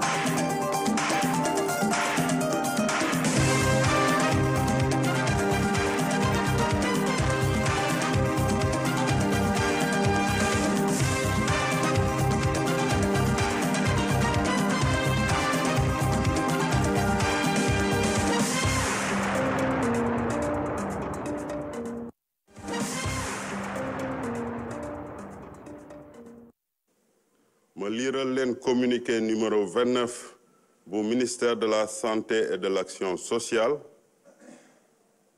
Thank you. communiqué numéro 29 du ministère de la santé et de l'action sociale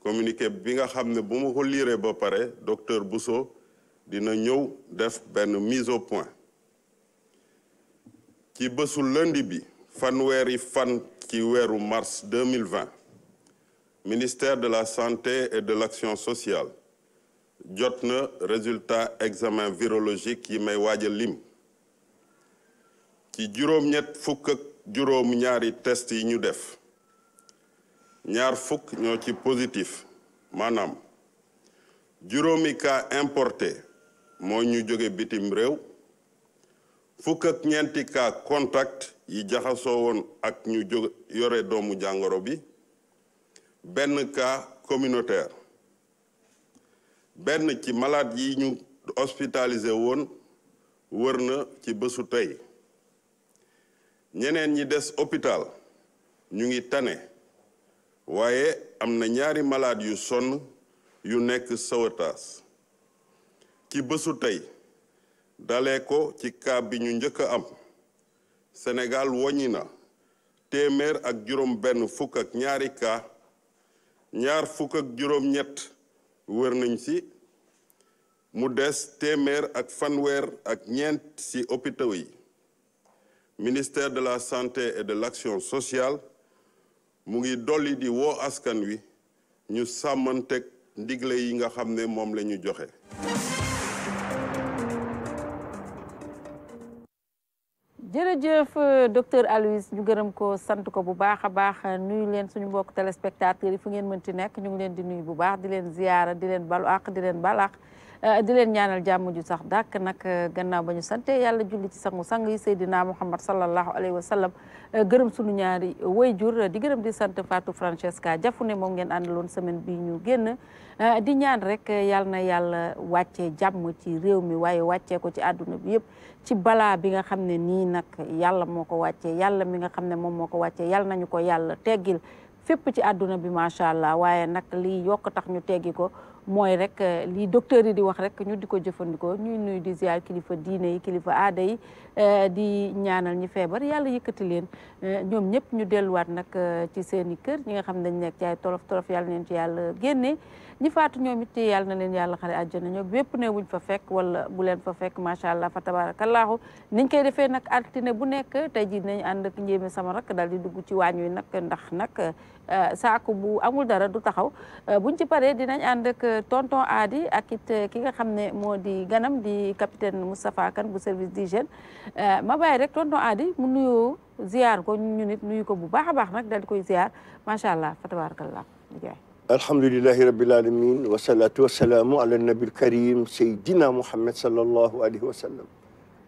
communiqué bi nga et ne docteur Bousso dina nous def nous mise au point Qui bésu lundi bi fanweeri fan ci mars 2020 ministère de la santé et de l'action sociale jot résultat examen virologique qui may waaj lim ci juróom-ñett fukk ak juróom-ñaari test yi ñu def ñaar fukk ñoo ci positif maanaam juróomi kaa importé moo ñu jóge bitim réew fukk ak ñeenti cas contact yi jaxasoo woon ak ñu jóge yore doomu jàngoro bi benn cas communautaire benn ci malade yi ñu ospitalisé woon wër na ci bésu tey ñeneen ñi des hôpital ñu ngi tane waaye am na ñaari malade yu sonn yu nekk sawataas ci bésu tey dale ko ci cas bi ñu njëkk a am Sénégal woññi na téeméer ak juróom benn fukk ak ñaari cas wër nañ ci mu des téeméer ak fanweer ak ñeent ci hôpitaux yi ministère de la santé et de l'action sociale mu Doli di wo askan wi ñu samantek ndigle yi nga xam mom lañu la ñu joxe. jërëjëf docteur Aloyse ñu gërëm ko sant ko bu baax a baax nuyu leen suñu mbokk téléspectateurs yi fu ngeen mënti nekk ñu ngi leen di nuyu bu baax di leen ziyaara di leen balu àq di leen bal àq Euh, di leen ñaanal jàmm ju sax dàkk nag euh, gannaaw ba ñu sante yàlla julli ci sangu sang yi Seydina Muhammad sallallahu alayhi wa sallam euh, gërëm sunu ñaari wayjur di gërëm di sant Fatou Francesca Jafune moom ngeen àndaloon semaine bi ñu génn di ñaan rek yàlla na yàlla wàccee jàmm ci réew mi waaye wàccee ko ci àdduna bi yëpp ci balaa bi nga xam ne nii nag yàlla moo ko wàccee yàlla mi nga xam ne moom moo ko wàccee yàlla nañu ko yàlla teggil fépp ci àdduna bi macha allah waaye nag lii yokk tax ñu teggi ko mooy rek euh, li docteur yi di wax rek ñu di ko jëfandikoo ñuy nuyu di ziar kilifa diine yi kilifa aada yi euh, di ñaanal ñi feebar yàlla yëkkati leen euh, ñoom ñëpp ñu delluwaat nag ci seen i kër ñi nga xam ne dañ nekk ci ay tolof tolof yàlla neen ci yàlla génne ñi faatu ñoom it yàlla na leen yàlla xare àjjana ñoom bépp ne wuñ fa fekk wala bu leen fa fekk macha allah fa tabarakallahu niñ koy defee nag altine bu nekk tey jii dinañ ànd ak njéeme sama rak dal di dugg ci waañ wi nag ndax nag Euh, saaku bu amul dara du taxaw euh, buñ ci paree dinañ ànd ak euh, tonton Adi ak it ki nga xam ne moo di ganam di capitaine Moustapha Kane bu service d'hygiène ma bàyyi rek tonton Adi mu nuyoo ziar ko ñu nit nuyu ko bu baax a baax nag daal di koy ziar macha allah fa tabarakallah alhamdulilahi rabbil alamin wasalatu wasalaamu ala nabil karim sayidina muhammad sallallahu alayhi wa sallam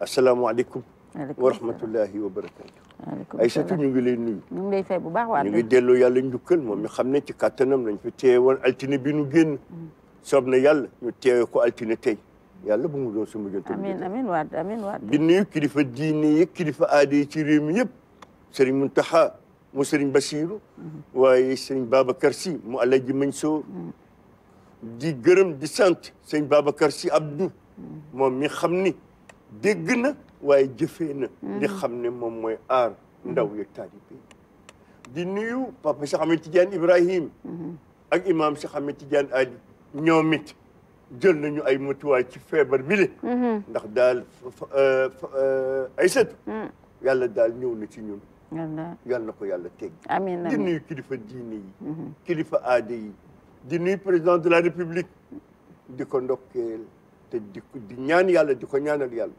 asalaamualeykum wa rahmatullahi wa barakaatu Aysatu ñu ngi lay nuyu ñu ngi lay fay bu baax waa ñu ngi delloo yàlla njukkal moom ñu xam ne ci kàttanam lañ fi teewe woon altine bi nu génn mm. soob na yàlla ñu teewe ko altine tey yàlla bu mu doon su mujjante amiin amiin waat amiin waat di nuyu kilifa diine yi kilifa aada yi ci réew mi yëpp sëriñ Muntaxa mu sëriñ Basiru mm-hmm. waaye sëriñ Babacar Si mu Alaaji Mansour mm. di gërëm di sant sëriñ Babacar Si Abdou mm. moom mi xam ni dégg na waye je hmm. li je ne moom hmm. ndaw di nuyu papa Cheikh Ahmed Ibrahim hmm. ak imam Cheikh Ahmed Tidiane Ali nañu ay ci bi ndax d'al. ay yalla dal na ci ñun yalla ko di kilifa kilifa di président de la république di te di ñaan ñaanal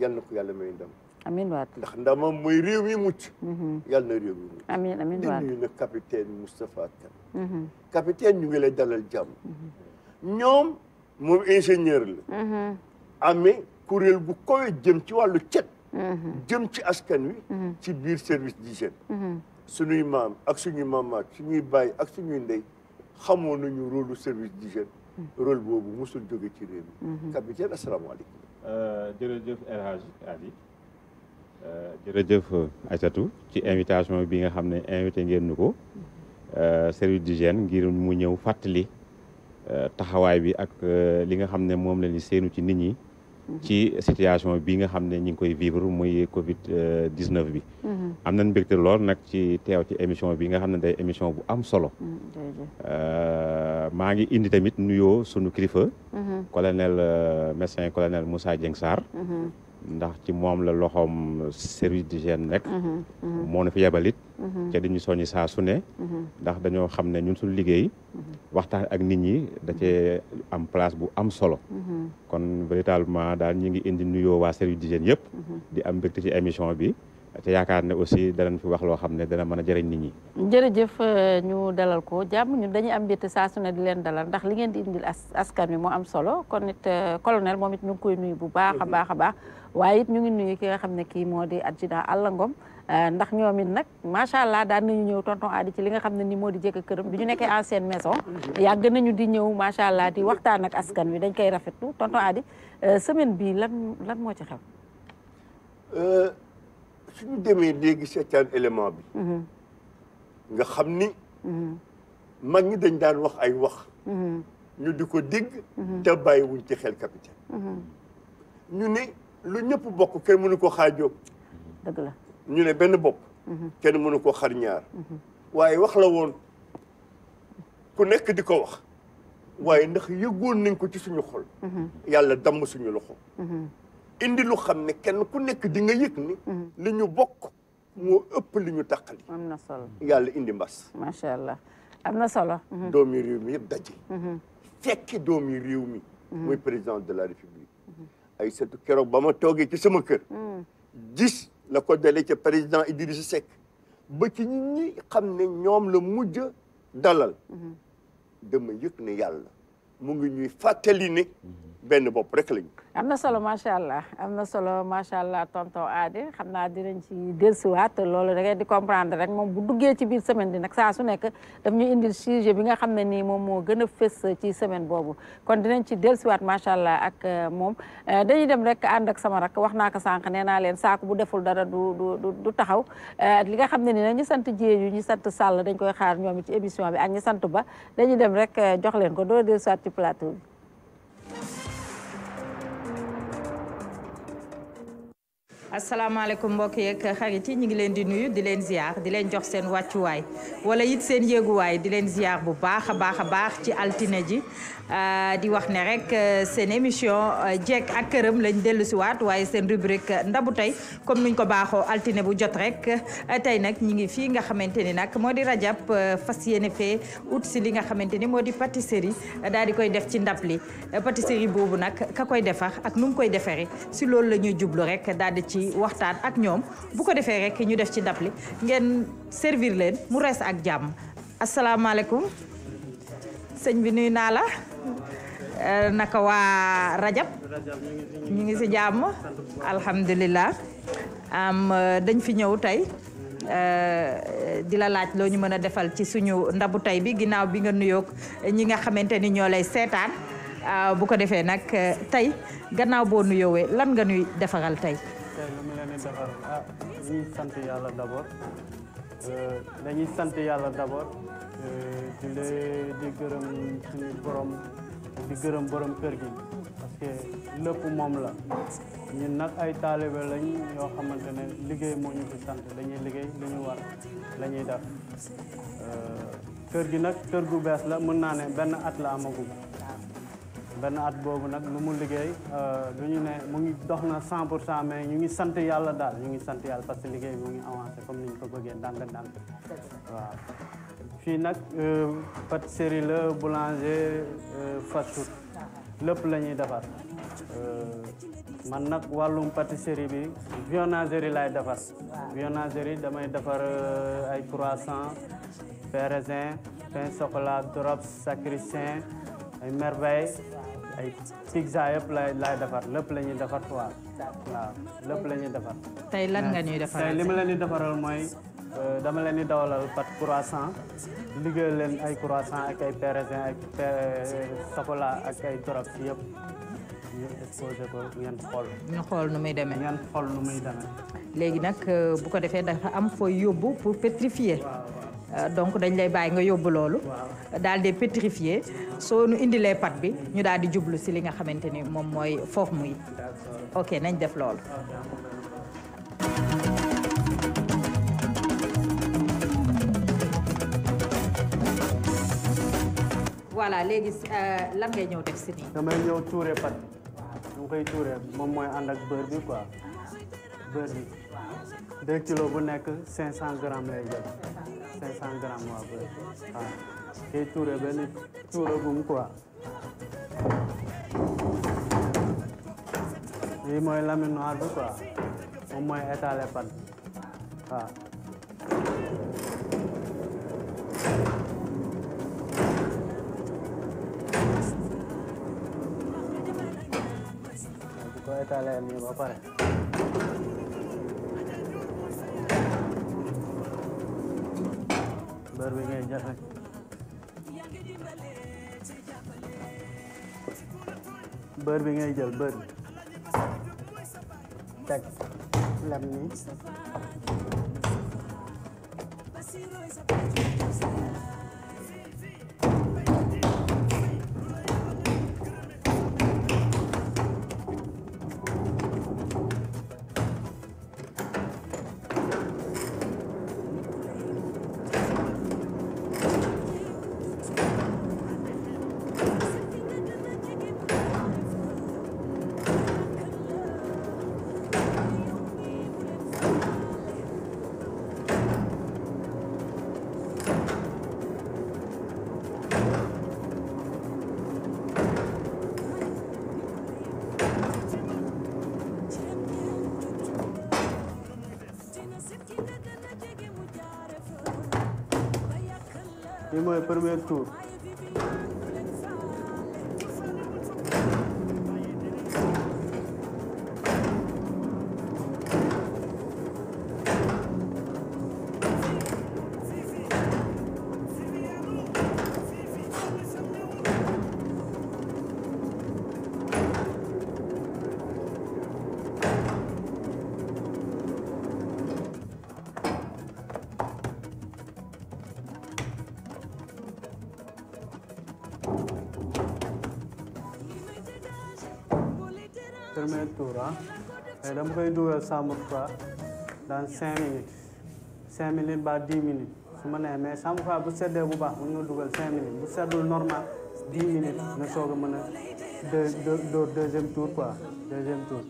yal na ko yàlla may ndam. amiin ndax ndamam mooy réew mi muc mhm. yàlla na réew mi mucc. amiin amiin waat capitaine Moustapha Kane. Mhm. capitaine ñu ngi lay dalal jàmm. Mhm. ñoom moom ingénieur la. amee kuréel bu koy jëm ci wàllu cet. jëm ci askan wi. ci biir service d'hygiène. suñuy maam ak suñuy maamaat suñuy baay ak suñuy ndey xamoon nañu rôle lu service d'hygiène. rôle boobu mosul jóge ci réew mi. capitaine asalaamaaleykum. Euh, jërëjëf El Hadj euh, jërëjëf Aïssatou ci invitation bi nga xam ne invité ngeen nu ko euh, service d'hygiène ngir mu ñëw fàttali taxawaay bi ak li nga xam ne moom la ñu séenu ci nit ñi. ci situation bi nga xam ne ñu ngi koy vivre muy Covid 19 bi. Mhm. am nañ mbégte lool nag ci teew ci émission bi nga xam ne day émission bu am solo. Mhm, maa ngi indi tamit nuyoo sunu kilifa. Mhm. colonel euh, médecin colonel Moussa Dieng Sarr. Mm-hmm. ndax ci moom la loxoom service d'hygiène nekk. Mm-hmm. Mm-hmm. moo na fi yebalit ca ñu soññi saa su ne. ndax dañoo xam ne ñun suñ liggéey. waxtaan ak nit ñi da cee am place bu am solo. kon véritablement daal ñu ngi indi nuyoo waa service d'hygiène yëpp. di am mbégte ci émission bi. te yaakaar ne aussi danañ fi wax loo xam ne dana mën a jëriñ nit ñi. jërëjëf euh, ñu dalal ko jàmm ñun dañuy am mbégte saa su ne di leen dalal ndax li ngeen di indil askan wi moo am solo kon it euh, colonel moom it ñu ngi koy nuyu bu baax a mm-hmm. baax a baax waaye it ñu ngi nuyu ki nga xam ne kii moo di adjudant Alla Ngom euh, ndax ñoom it nag macha allah daan nañu ñëw tonton Adi ci li nga xam ne ni moo di jëkk këram bi ñu nekkee ancienne maison mm-hmm. yàgg nañu di ñëw macha allah di waxtaan ak askan wi dañ koy rafetlu tonton Adi semaine bii lan lan moo ci xew. suñu demee léegi seetaan élément bi mhm. nga xam ni mhm. mag ñi dañ daan wax ay wax mhm. ñu di ko dégg te bàyyiwuñ ci xel capitaine ñu ne lu ñëpp bokk kenn mënu ko xaajoo dëgg la ñu ne benn bopp kenn mënu ko xar ñaar waaye wax la woon ku nekk di ko wax waaye ndax yëgoon nañ ko ci suñu xol yàlla damm suñu loxo indi lu xam ne kenn ku nekk di nga yëg ni. Mhm. li ñu bokk mu ëpp lu ñu taqali. am na solo yàlla indi mbas. macha allah am na solo. Mhm. doomi réew mi yëpp daje. Mhm. fekki doomi réew mi. muy président de la république. ay setu keroog ba ma toogee ci sama kër. la ko dalee ca président Idrissa Seck ba ci nit ñi xam ne ñoom la mujj dalal. de dama yëg ne yàlla mu ngi ñuy fàttali ne benn bopp rek lañu. am na solo macha allah am na solo macha allah tonton Adé xam naa dinañ ci dellusiwaat loolu da di comprendre rek moom bu duggee ci biir semaine bi nag saa su nekk daf ñu indi sujet bi nga xam ne nii moom moo gën a fës ci semaine boobu kon dinañ ci dellusiwaat macha allah ak euh, moom euh, dañuy dem rek ànd ak sama rak wax naa ko sànq nee naa leen saako bu deful dara du du du taxaw euh, li nga xam ne ni nag ñi sant jéeju ñi sant sàll dañ koy xaar ñoom ci émission bi ak ñu sant ba dañuy dem rek jox leen ko doo dellusiwaat ci plateau bi asalaamaaleykum mbokk yeeg xarit yi ñu ngi leen di nuyu di leen ziar di leen jox seen wàccuwaay wala it seen yéeguwaay di leen ziar bu baax a baax a baax ci altine ji euh, di wax ne rek euh, seen émission euh, jekk ak këram lañ dellu siwaat waaye seen rubrique ndabu tey comme nuñ ko baaxoo altine bu jot rek tey nag ñi ngi fii nga xamante ni nag moo di rajab fas yéene fee ut si li nga xamante ni moo di pâtisserie daal di koy def ci ndab li pâtisserie boobu nag ka koy defar ak nu koy defaree si loolu la ñuy jublu rek ci waxtaan ak ñoom bu ko defee rek ñu def ci ndab li ngeen servir leen mu rees ak jàmm asalaamaaleykum sëñ bi naa la euh, naka waa rajab ñu ngi si jàmm alhamdulilah am euh, dañ fi ñëw tey euh, di la laaj loo ñu mën a defal ci suñu ndabu tey bi ginnaaw bi nga nuyoog ñi nga xamante ni ñoo lay seetaan bu ko defee nag tey gannaaw boo nuyoowee lan nga nuy defaral tey ñuy ah, dañuy sant yàlla d' abord euh, dañuy sant yàlla d' abord euh, di lee di gërëm suñu borom di gërëm borom kër gi parce que lépp moom la ñun nag ay taalibe lañ yoo xamante ne liggéey moo ñu sant dañuy liggéey li ñu war la def euh, kër gi nag kër gu bees la mën naa ne benn at la amagum. benn at boobu nag lu mu liggéey lu euh, ñu ne mu ngi dox na 100 pour cent mais ñu ngi sant yàlla daal ñu ngi sant yàlla parce que liggéey mu ngi avancé comme ni ñu ko bëggee ndànk-ndànk waaw fii nag euh, pâtisserie la boulanger euh, fast food lépp la ñuy defar man nag wàllum pâtisserie bi viennoiserie laay defar viennoiserie damay defar ay croissant pain raisin pain chocolat drops sacristain ay merveille ay pizza yëpp lay lay defar lépp lañuy ñuy defar quoi waaw la ñuy defar. tey lan nga ñuy defar tey li ma leen di defaral mooy euh, dama leen di pat croissant liggéey leen ay croissant ak ay pérésin ak euh, chocolat ak ay drops yëpp ñu exposé ko xool. ñu xool nu muy demee ngeen xool nu muy demee. léegi nag euh, bu ko defee dafa am fooy yóbbu pour pétrifier. Euh, donc dañ lay bàyyi nga yóbbu loolu. daal di pétrifier soo nu indilee pat bi ñu daal di jublu si li nga xamante ni moom mooy forme yi. ok nañ def loolu. voilà léegi euh, lan ngay ñëw def si nii. damay ñëw tuure pat bi. waaw koy tuure moom mooy ànd ak beurre bi quoi डेढ़ kilo भी नैक सै सौ ग्राम है जब सै सौ ग्राम वाले हाँ। ये चूरे बेले चूरे घूम को ये महिला में नार को उम्मा है ताले पन हाँ तो ताले में वापर है heure bi ngay jafe bër bi ngay jël bër bi teg lem ni prometo léegi eh, dama koy dugal chambre froide dans cinq minutes cinq minutes ba dix minutes su manee mais chambre froide bu seddee bu baax mën nga dugal cinq minutes bu seddul normal dix minutes nga soog a mën a deux deux deuxième tour quoi deuxième tour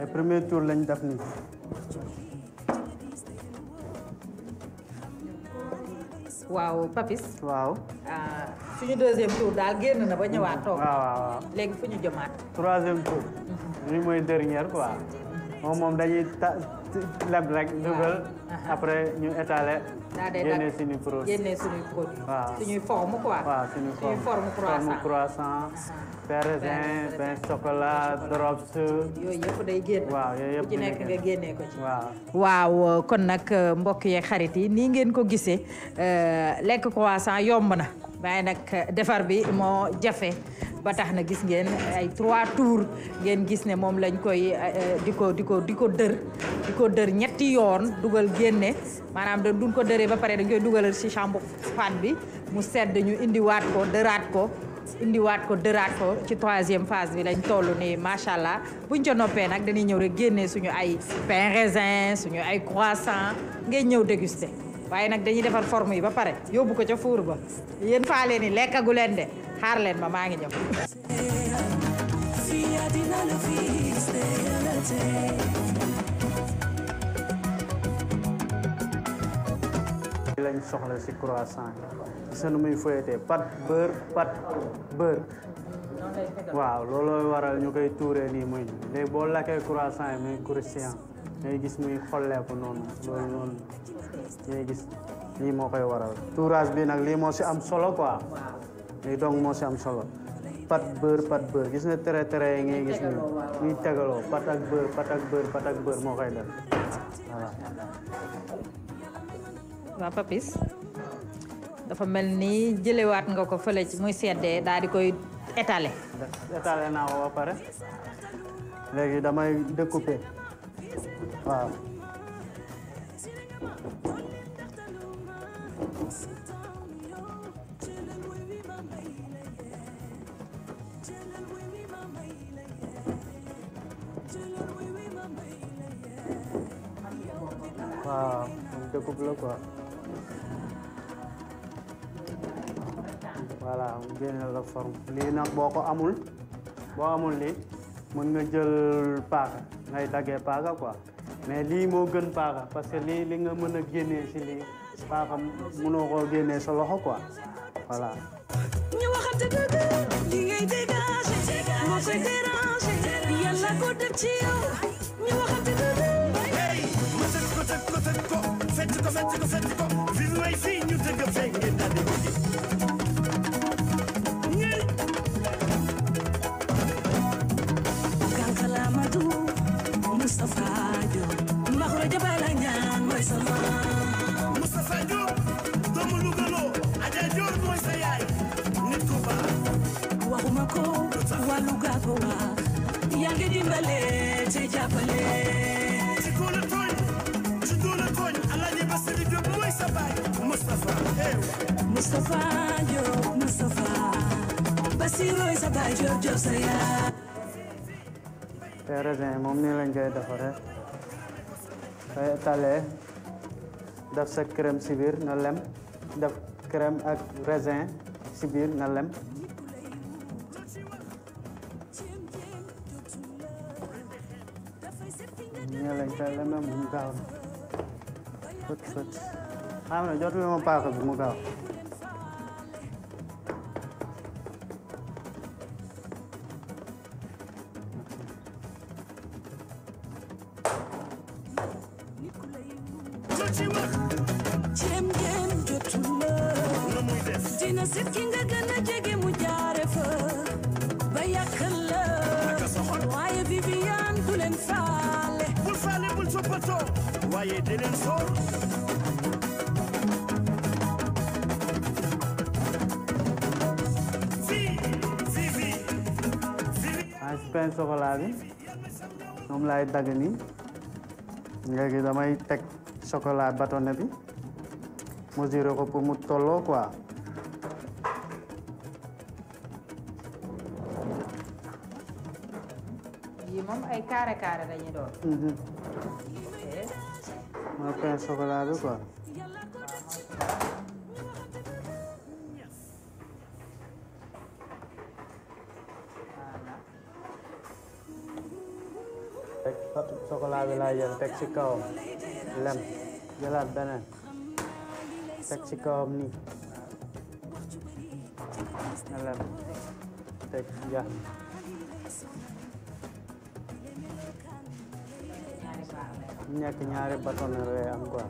et premier tour lañ def nii. waaw Papis. waaw. Ah, suñu deuxième tour daal génn na ba ñëwaat toog. léegi fu ñu jëmaat. troisième tour. lii mooy dernière quoi moom mom dañuy ta leb rek dugal après ñu étaler génne suñu produit génne suñu produit Suñu forme quoi Wa suñu forme forme croissant forme croissant pain raisin pain chocolat drops yooyu yëpp day génn waaw yo yépp. ci nek nga génné ko ci waaw waaw kon nak mbokk yi xarit yi ni ngeen ko gissé euh lek croissant yomb na waaye nak defar bi mo jafé. ba tax na gis ngeen ay trois tours ngeen gis ne moom lañ koy eh, eh, di ko di ko di ko dër di ko dër ñetti yoon dugal génne maanaam da duñ ko dëree ba pare dañ koy dugalal ci chambre fat bi mu sedd ñu indiwaat ko dëraat ko indiwaat ko dëraat ko ci troisième phase bi lañ tollu nii macha allah bu buñ ca noppee nag dañuy ñëw rek génnee suñu ay pain raisin suñu ay croissant ngeen ñëw déguster waaye nag dañuy defar forme yi ba pare yóbbu ko ca four ba yéen faa leen ni xaar leen ma maa ngi ñëw. lañ soxla ci croissant gis nu muy foyetee pat beurre pat beurre waaw looloo waral ñu koy tuuree nii muy léegi boo lakkee croissant yi muy croustillant ngay gis muy xolleeku noonu loolu gis lii moo koy waral. tourage bi nag lii moo ci am solo quoi. itong mo siya solo pat patber gis na tere tere ngi gis ni ni tagalo patagber patagber patagber mo kay dal wala waa papis dafa mel ni wat nga ko fële ci muy seddee daal di koy étaler étaler naa ko ba pare léegi damay découper wow. wah cukup kok voilà mu génne la forme lii nag boo ko amul boo amul lii Mengejel nga jël paaka ngay kok. mais lii moo gën paaka parce que lii li nga mën a génnee si lii sa loxo quoi voilà ñu dëgg li ngay koy ko def ci yow ñu fekk ko fekk ko fekk ko fekk ko fekk ko vive way fii ñu dëgg fekk ngeen daal di bëgg Kankalamatu Moustapha Diop Maxoro Jabala Ñaan mooy sa maam doomu Lugaloo Aja Joor mooy sa yaay nit ku baax Luga ko waa yaa ngi dimbale te jàppale Sidi Diop mooy sa baay Moustapha Moustapha Diop Moustapha Bassirou sa baay Diop Diop sa yaay te raisin moom nii lañ koy defaree day talee def sa crème si biir nga lem def crème ak raisin si biir nga lem nii lañ koy leme moom gaaw na 그렇지, 그렇지. 다음은 여름만 빠가 눈물 봐. laay dagg nii léegi damay teg chocolat bâtonnet bi mesurer ko pour mu tolloo quoi chocolat bi laa jël teg ci kawam lem jëlaat beneen teg ci kawam nii nga lem teg ja nekk ñaari bâton yooyu am quoi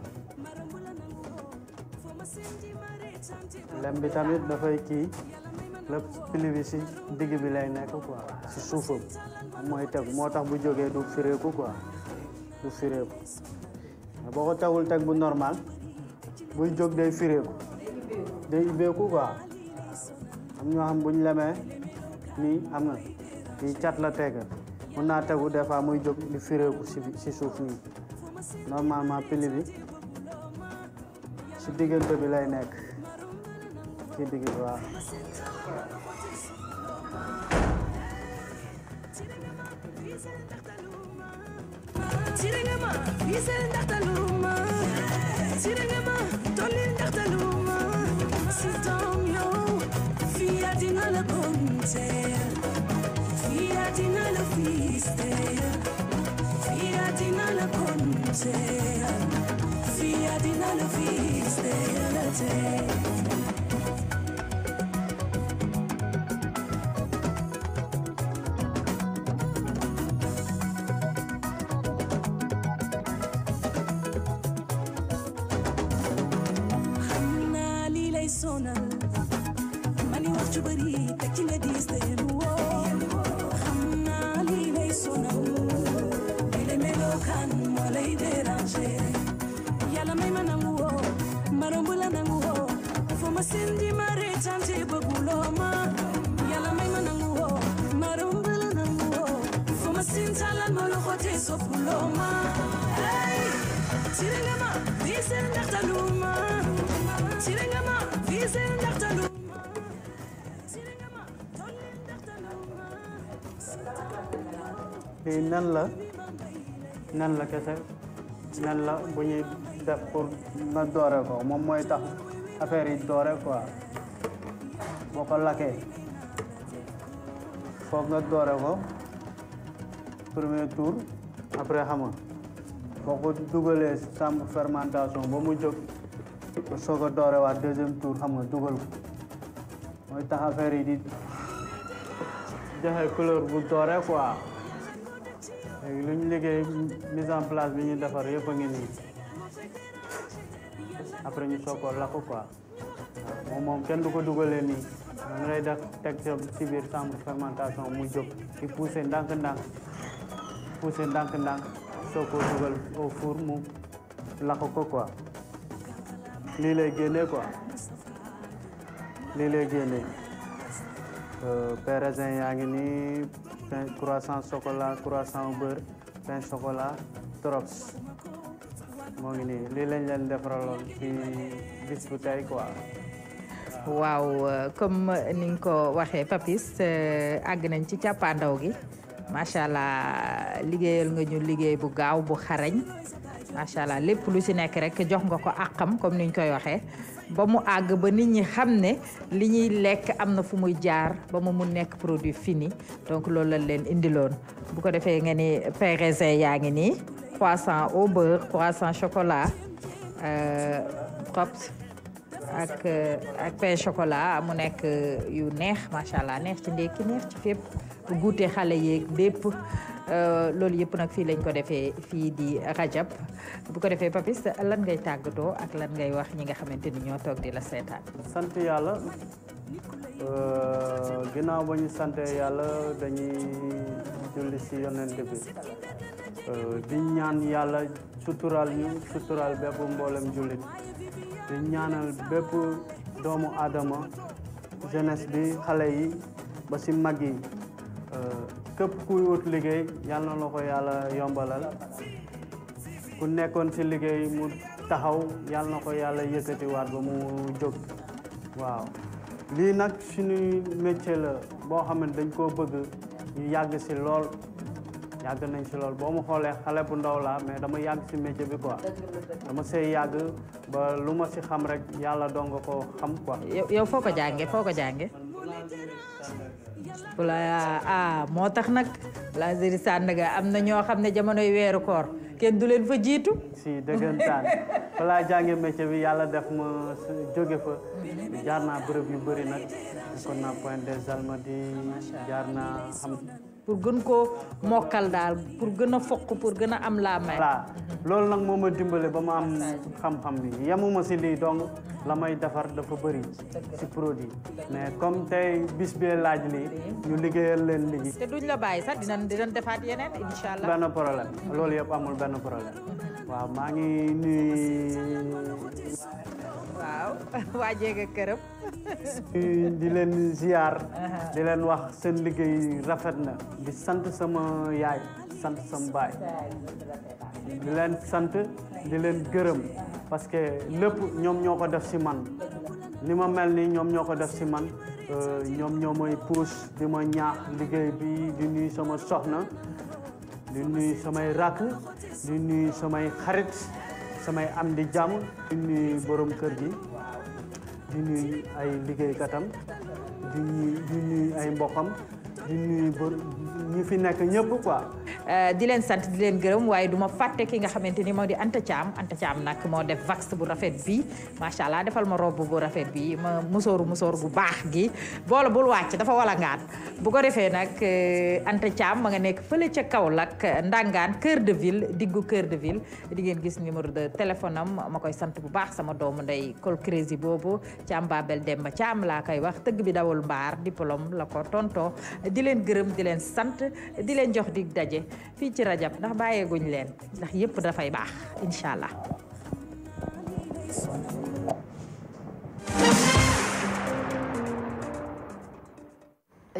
lem bi tamit dafay kii lépp bi si digg bi lay nekk quoi si mooy teg moo tax bu jógee du fireeku quoi du firéeku boo ko tegul teg bu normal buy jóg day firéeku day ibbeeku quoi am ñoo xam buñ lemee nii xam na lii cat la tegal mun naa tegu des fois muy jóg di firéeku si suuf nii normalement pili bi si diggante bi lay nekk ci digg waaw gisee ndaxte lu ma ma tolli ndaxte lu ma si doom yow fii yaa dina la konteel fii yaa dina la fiisteel fii yaa dina la nen la nen la kese nen la bu ñuy def pour nga doore ko moom mooy tax affaire yi doore quoi boo ko lakkee foog nga doore ko premier tour après xam boo ko dugalee sam fermentation ba mu jóg soog a doore waat deuxième tour xam nga dugal ko mooy tax affaire yi di joxe couleur bu doore quoi léegi lu ñu liggéey mise en place bi ñu defar yëpp a ngi nii après ñu soog ko lakk quoi moom moom kenn du ko dugalee nii da ngay def teg ci biir chambre fermentation mu jóg di pousser ndànk-ndànk pousser dugal au four mu ko quoi lay quoi lay euh, pérezin pain croissant chocolat croissant beurre pain chocolat torops mo ngi ni li lañ leen defaraloon ci bis bu tay quoi waaw comme ni nga ko waxee papis àgg nañ ci càppaandaw gi macha allah liggéeyal nga ñu liggéey bu gaaw bu xarañ macha allah lépp lu ci nekk rek jox nga ko àqam comme ni ñu koy waxee ba mu àgg ba nit ñi xam ne li ñuy lekk am na fu muy jaar ba mu mun nekk produit fini donc loolu la leen indiloon bu ko defee nga ni pain raisin yaa ngi nii croissant au beurre croissant chocolat euh, props ak ak pain chocolat mu nekk yu neex macha allah neex ci ndékki neex ci fépp guute xale yeeg bépp euh, loolu yëpp nag fii lañ ko defee fii di rajab bu ko defee papis lan ngay tàggatoo ak lan ngay wax ñi nga xamante ni ñoo toog di la seetaan. sant yàlla euh, ginnaaw ba ñu sant yàlla dañuy julli si yonent bi euh, di ñaan yàlla suturaal ñu suturaal bépp mboolem jullit. di ñaanal bépp doomu aadama jeunesse bi xale yi ba si mag yi euh, képp kuy wut liggéey yàlla na la yàlla yombalal ku nekkoon si liggéey mu taxaw yàlla na ko yàlla yëkkatiwaat ba mu jóg waaw lii nag suñuy métier la boo xam ne dañ koo bëgg yàgg si lool yàgg nañ si loolu boo mu xoolee xale bu ndaw laa mais dama yàgg si métier bi quoi dama see yàgg ba lu ma si xam rek yàlla dong ko xam quoi yow foo ko jànge foo ko jànge wala ah tax nag Lazeri Sandaga am na ñoo xam ne jamonoy weeru koor kenn du leen fa jiitu si dëggantaan balaa jànge métier bi yàlla def ma jóge fa jaar naa bërëb yu bëri nag kon naa Pointe des Almadies jaar naa xam pour gën koo mokkal daal pour gën a foq pour gën a am laa may. voilà loolu nag moo ma dimbale ba mu am xam-xam bi yemuma si lii donc la may defar dafa bëri si produit mais comme tey bis bee laaj lii ñu liggéeyal leen liggéey. te duñ la bàyyi sax dinañ dinañ defaat yeneen incha allah. benn problème lool yëpp amul benn problème waaw maa ngi nuyu. waaw waa jéeg këram. di leen ziar. Uh-huh. di leen wax seen liggéey rafet na. di sant sama yaay. sant sama baay. di leen sant di leen gërëm. parce que lépp ñoom ñoo ko def si man. li ma mel nii ñoom ñoo ko def si man. Euh, ñoom ñoo may pousse di ma ñaax liggéey bi di nuy sama soxna. di nuyu samay rakk. di nuy samay xarit. samay am di jàmm di nuyu borom kër gi di nuyu ay liggéeykatam di nuyu ay mbokkam di nuyu ñi fi nekk ñëpp quoi Eh, di leen sant di leen gërëm waaye duma fàtte ki nga xamante ni moo di Anta Thiam Anta Thiam nag moo def vax bu rafet bi macha allah defal ma robe bu rafet bi ma musóoru musóor bu baax gi boole bul wàcc dafa wala ngaan bu ko defee nag eh, Anta Thiam ma nga nekk fële ca lak eh, ndangaan cœur de ville diggu cœur de ville di ngeen gis numéro de téléphone am ma koy sant bu baax sama doomu ndey col crési boobu Thiam Babel Demba Thiam laa koy wax tëgg bi dawul mbaar diplôme la ko tonto di leen gërëm di leen sant di leen jox dig daje fii ci rajab ndax bàyyeeguñ leen ndax yëpp dafay baax incha allah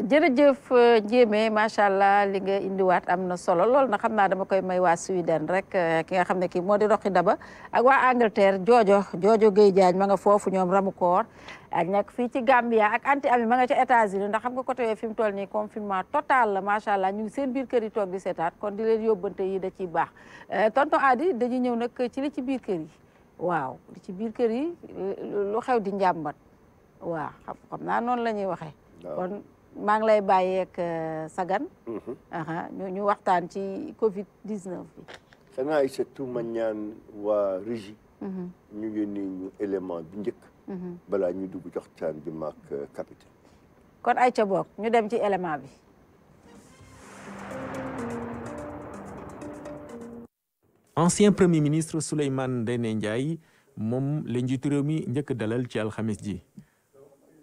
jeme ma sha allah li nga indi wat amna solo lol na xamna dama koy may wa Sweden rek eh, ki nga xamne ki modi roxi Daba ak wa Angleterre jojo jojo Guèye jaaj ma nga fofu ñom ramu koor ak nek fi ci Gambia ak anti ami ma nga ci États-Unis ndax xam nga côté fi mu toll ni confinement total la sha allah ñu seen biir kër yi tok di sétat kon di leen yobante yi da ci bax eh, tonton Adi dañu ñew nak ci li ci biir kër yi waaw li ci biir kër yi lu xew di waaw xam na non la waxe kon maa ngi lay bàyyeek euh, Sagan. Mhm. ñu waxtaan ci Covid 19 bi. xanaa ay surtout ma waa régie. Mhm. ñu yónni ñu élément bi njëkk. Mhm. balaa ñu dugg joxtaan bi maak euh, capitaine. kon ay ca ñu dem ci élément bi. ancien premier ministre Souleymane Ndéné Ndiaye moom la njiitu réew mi njëkk dalal ci alxames ji.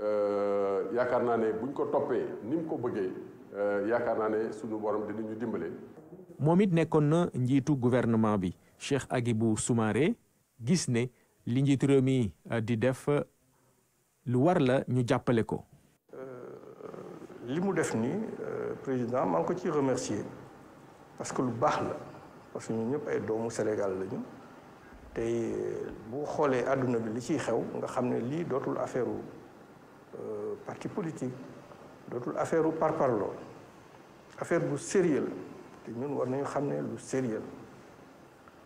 Euh, yaakaar naa ne buñ ko toppee ni mu ko bëggee euh, yaakaar naa ne suñu borom dinañu dimbale. moom it nekkoon na njiitu gouvernement bi Cheikh bu Soumaré gis ne li njiitu réew euh, di def lu war la ñu jàppale ko. li mu def nii président man ngi ko ciy remercier parce que lu baax la parce que ñun ñëpp ay doomu Sénégal lañu tey boo xoolee àdduna bi li ciy xew nga xam ne lii dootul affaire Euh, parti politique dootul affaire u parparloo affaire bu sérieux la te ñun war nañu xam ne lu sérieux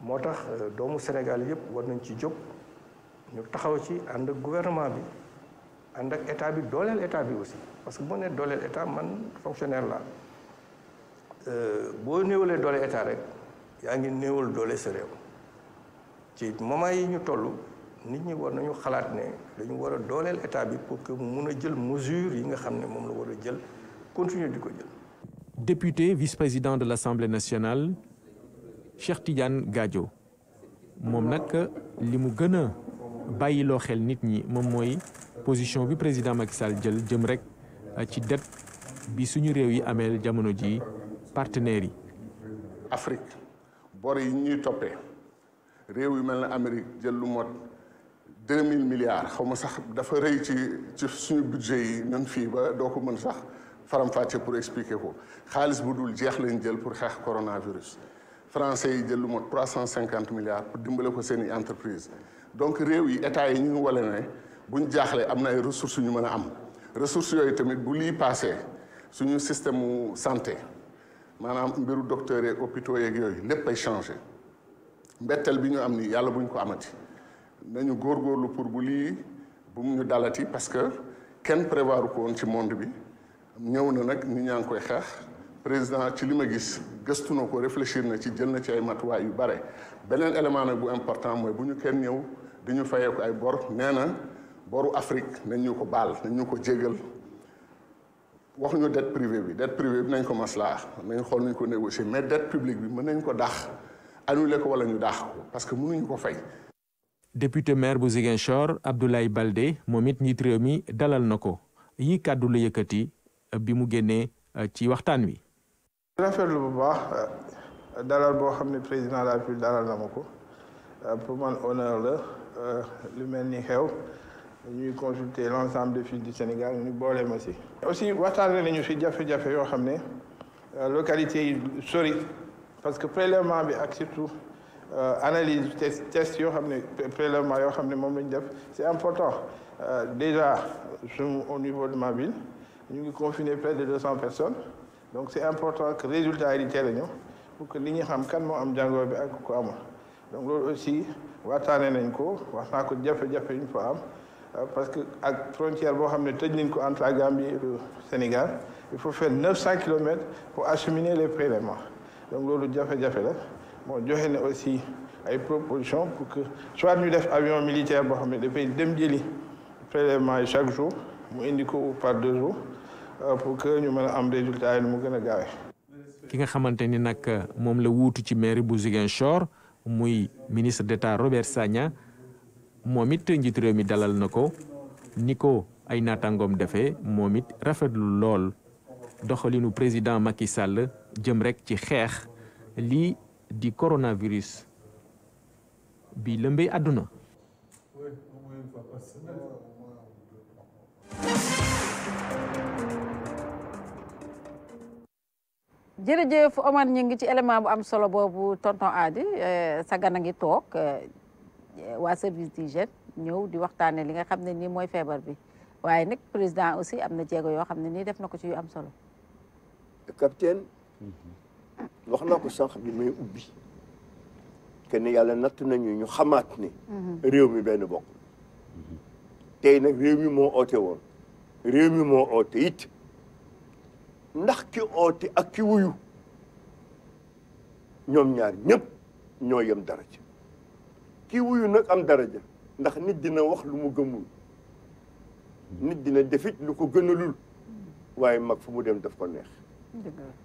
moo tax euh, doomu Sénégal yëpp war nañ ci jóg ñu taxaw ci ànd ak gouvernement bi ànd ak état bi dooleel état bi aussi parce que boo nee dooleel état man fonctionnaire la euh, boo néewalee doole état rek yaa ngi néewal doole sa réew ci moment yi ñu toll nit ñi war nañu xalaat ne dañu war a dooleel état bi pour que mu mun a jël mesures yi nga xam ne moom la war a jël continuer di ko jël. député vice-président de l'Assemblée nationale Cheikh Tidiane Gadio moom nag li mu gën a bàyyiloo xel nit ñi moom mooy position bi président Macky jël jëm rek ci dette bi suñu réew yi ameel jamono ji partenaires yi. Afrique bor yi ñuy toppee réew yu mel ne Amérique jël lu mot. deux mille milliards xaw ma sax dafa rëy ci ci suñu budget yi ñun fii ba doo ko mën sax faram-fàcce pour expliquer ko xaalis bu dul jeex lañ jël pour xeex coronavirus français yi jël lu mot trois cent cinquante milliards pour dimbale ko seen i entreprise donc réew yi état yi ñu ngi wala ne buñ jaaxlee am na ay ressources ñu mën a am ressources yooyu tamit bu lii passé suñu système mu santé maanaam mbiru docteur yeeg hôpitaux yeeg yooyu lépp ay changé mbettel bi ñu am nii yàlla buñ ko amati nañu góorlu pour bu lii bu mu ñu dalati parce que kenn prévoir ko woon ci monde bi ñëw na nag nit ñaa ngi koy xeex président ci li ma gis gëstu na ko réfléchir na ci jël na ci ay matuwaay yu bare beneen élément nag bu important mooy bu ñu kenn ñëw di ñu fayee ko ay bor nee na boru Afrique nañ ñu ko baal nañ ñu ko jégal waxuñu dette privée bi dette privée bi nañ ko maslaa nañ xool nañ ko si mais dette publique bi mën nañ ko dàq annuler ko wala ñu dàq parce que mënuñu ko fay. député maire bu shor Abdoulaye Balde, Momit nitriomi dalal Noko. yi kaddu la yëkëti euh, bi mu euh, ci waxtaan wi. Euh, dalal président de la de dalal pour man honneur le lu melni consulter l'ensemble des fils du Sénégal ñu bolé ma si. aussi la localité sori parce que prélèvement bi ak euh, analyse test test les xam prélèvement yoo def important euh, déjà au niveau de ma ville nous ngi confiné près de 200 personnes donc c'est important que résultat yi soient teel pour que nit ñi xam kan mo am jàngoro bi ak ko amul donc là aussi waxtaanee nañ ko wax naa ko ñu fa am euh, parce que ak frontière bo xamné ko entre la Gambie et le Sénégal il faut faire 900 kilomètres pour acheminer les prélèvements donc lolu jafé jafé la bon joxe na aussi ay proposition pour que soit ñu def avion militaire boo xam ne dafay dem jëli prélèvement chaque jour mu indi par deux jours euh, pour que ñu mën a am résultat yi mu gën a gaawee. ki nga xamante ni nag moom la wuutu ci mairie bu Ziguinchor muy ministre d'État Robert Sagna moom it njiitu réew mi dalal nako, Nico ni ko ay naataangoom defee moom it rafetlu lool doxalinu président Macky Sall jëm rek ci xeex li di coronavirus bi lëmbee àdduna jërëjëf Omar ñu ngi ci élément bu am solo boobu tonton Adi eh, sa gan a ngi toog eh, waa service d'hygiène ñëw di waxtaane li nga xam ne nii mooy feebar bi waaye nag président aussi am na jéego yoo xam ne nii def na ko ci yu am solo wax naa ko sànq bi may ubbi que yàlla natt nañu ñu xamaat ni mhm. réew mi benn bokk tey nag réew mi moo oote woon réew mi moo oote it ndax ki oote ak ki wuyu ñoom ñaar ñëpp ñoo yem daraja ki wuyu nag am daraja ndax nit dina wax lu mu gëmul nit dina defit lu ko gënalul mhm. waaye mag fu mu dem def ko neex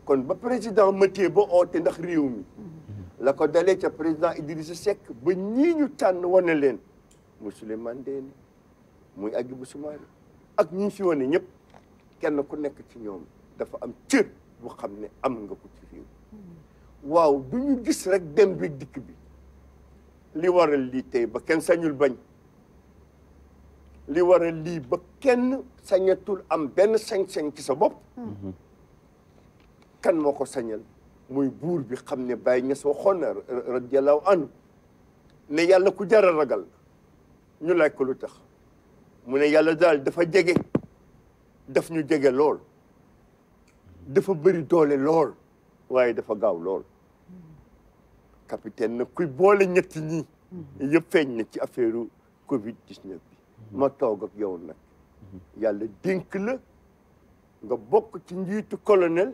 kon ba président Maté ba oote ndax réew mi mm-hmm. la ko dalee ca président Idrissa Seck ba ñii ñu tànn wane leen muy Souleymane Ndéné muy bu Soumaré ak ñi fi wane ñëpp kenn ku nekk ci ñoom dafa am cër bu xam ne am nga ko ci réew mm-hmm. waaw du ñu gis rek dem bi dikk bi li waral lii tey ba kenn sañul bañ li waral lii ba kenn sañatul am benn sañ-sañ ci sa bopp mm-hmm. kan moo ko sañal muy buur bi xam ne Baye Niass waxoon na radiyallahu anhu ne yàlla ku jar ragal ñu laaj lu tax mu ne yàlla daal dafa jege daf ñu jege lool dafa bëri doole lool waaye dafa gaaw lool capitaine na kuy boole ñetti ñi yëpp feeñ na ci afeeru covid 19 bi ma toog ak yow nag mhm. yàlla dink la nga bokk ci njiitu colonel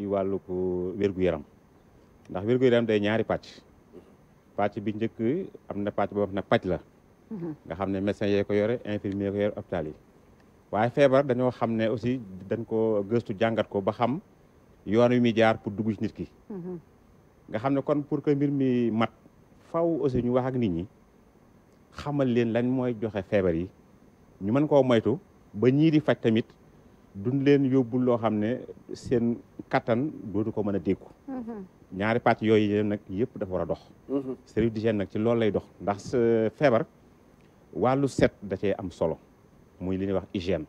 ci wàllu wér-gu-yaram ndax wér-gu-yaram ñaari pàcc pàcc bi njëkk am na pàcc boo xam pàcc la mhm. nga xam ne médecin ko yore infirmier yee ko yore waaye feebar dañoo xam ne aussi dañ ko gëstu jàngat ko ba xam yoon wi muy jaar pour dugg nit ki mhm. nga xam ne kon pour que mbir mi mat faw aussi ñu wax nit ñi xamal leen lan mooy joxe feebar yi ñu mën koo moytu ba ñii faj tamit duñ leen yóbbul loo xam ne seen kattan dootu ko mën a dékku mhm. ñaari pàcc yooyu yéen nag yëpp dafa war a dox mhm. service d'hygiène nag ci loolu lay dox ndax euh, feebar wàllu set da cee am solo muy li ñuy wax hygiène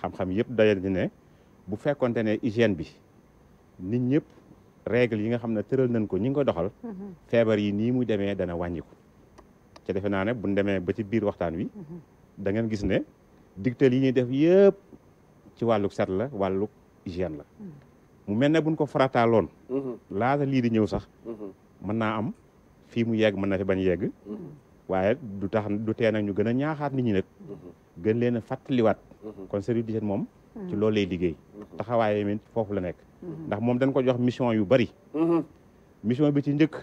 xam-xam yëpp daje di ne bu fekkonte ne hygiène bi nit ñëpp règle yi nga xam ne tëral nañ ko ñi ngi ko doxal mhm. feebar yi nii muy demee dana wàññiku ca defe naa ne buñ demee ba ci biir waxtaan wi da gis ne digtal yi ñuy def yëpp ci wàlluk set la wàlluk hygiène la hmm. mu mel ne buñ ko farataaloon hmm. laata lii di ñëw sax hmm. mën naa am fii mu yegg mën na fi bañ yegg waaye du tax du tee nag ñu gën a ñaaxaat nit ñi nag gën leen a fàttaliwaat kon service d'hygiène moom ci loolu lay liggéey taxawaaye min foofu la nekk ndax moom dañ ko jox mission yu bari mission bi ci njëkk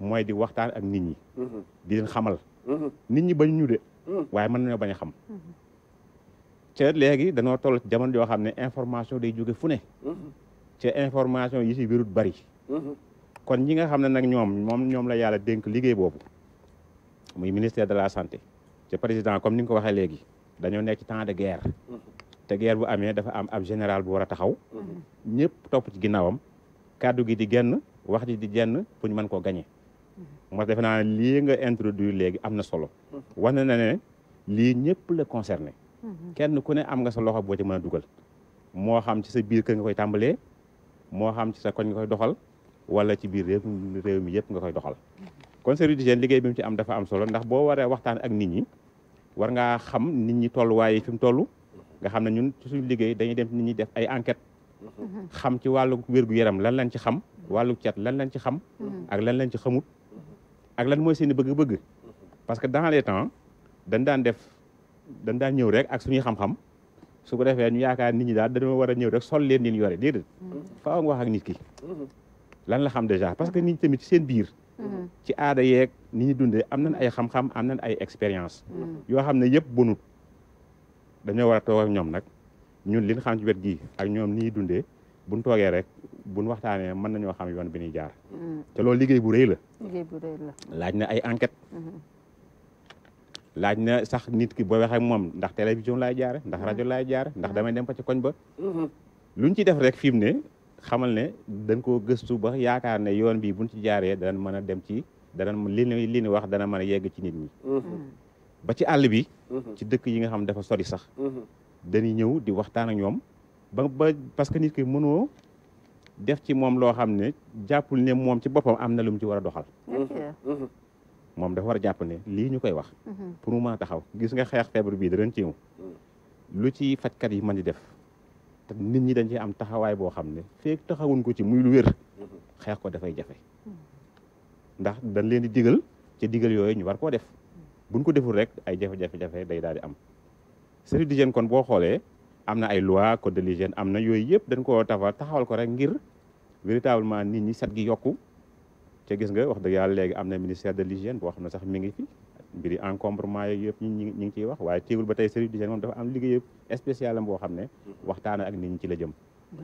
mooy di waxtaan ak nit ñi di leen xamal nit ñi bañ ñu de waaye mën nañoo bañ a xam ca léegi danoo toll jamono joo xam information day jóge fune ci information yi si birut bari kon ñi nga xam nak ñom mom ñom la yalla denk liggéey boobu muy ministère de la santé ci président comme ni nga ko waxee léegi dañoo nekk ci temps de guerre te guerre bu amé dafa am ab général bu wara taxaw ñepp top ci ginaawam kàddu gi di genn wax ji di genn pour ñu mën koo gañe moo defe naa lii nga introduire léegi amna solo wax na né li ñepp le concerner kenn ku ne am nga sa loxo boo ci mën dugal moo xam ci sa biir kër nga koy tàmbalee moo xam ci sa koñ nga koy doxal wala ci biir réew mi yëpp nga koy doxal kon service seen liggéey bi mu ci am dafa am solo ndax boo waree waxtaan ak nit ñi war ngaa xam nit ñi tolluwaay yi fi mu toll nga xam ne ñun ci suñ liggéey dañuy dem nit ñi def ay enquête xam ci wàllu wér-gu-yaram lan lañ ci xam wàllu cet lan lañ ci xam ak lan lañ ci xamut ak lan mooy seen bëgg-bëgg que dans les dañ daan def dañ daan ñëw rek ak suñuy xam-xam su ko defee ñu yaakaar nit ñi daal dañoo war a ñëw rek sol leen ni ñu yore déedéet mm-hmm. faaw fa wax ak nit ki mm-hmm. lan la xam déjà parce que nit ñi tamit seen biir mm-hmm. ci aada yeeg ni ñu dundee am na ay xam-xam am na ay expérience yoo xam ne yëpp bonut dañoo war a ak ñoom nag ñun li ñu xam ci wet gi ak ñoom ni ñuy dundee buñ toogee rek buñ waxtaanee mën nañoo xam yoon bi ñuy jaar te loolu liggéey bu rëy la la laaj na ay enquête laaj na sax nit ki boo waxee moom ndax télévision laay jaare ndax rajo laay jaare ndax damay dem fa ci koñ ba lu mhm. luñ ci def rek fi mu ne xamal ne dañ koo gëstu ba yaakaar ne yoon bi buñ ci jaaree danañ mën a dem ci danañ li ni li ni wax dana mën a yegg ci nit mi mhm. ba ci àll bi mhm. ci dëkk yi nga xam dafa sori sax dañuy ñëw di waxtaan ak ñoom ba ba parce que nit ki mënoo def ci moom loo xam ne jàppul ne moom ci boppam am na lu mu ci war a doxal moom dafa war a jàpp ne lii ñu koy wax mhm. pour mu mën taxaw gis nga xeex feebar bii da leen mhm. lu ci fajkat yi mën di def te nit ñi dañ ci am taxawaay boo xam ne feeg taxawuñ ko ci muy lu wér mhm. xeex ko dafay jafe ndax dañ leen di digal ci digal yooyu ñu war koo def buñ ko deful rek ay jafe jafe day daal di am service d'hygiène kon boo xoolee am na ay loi code de l'hygiène am na yooyu yëpp dañ ko tafa taxawal ko rek ngir véritablement nit ñi set gi yokku te gis nga wax dëgg yàlla léegi am na ministère de l'hygiène boo xam ne sax mi ngi fi mbiri encombrement yeeg yëpp ñu ngi ñu ngi ciy wax waaye teewul ba tey service d'hygiène moom dafa am liggéey yëpp spécial boo xam ne waxtaan ak ni ñi ci la jëm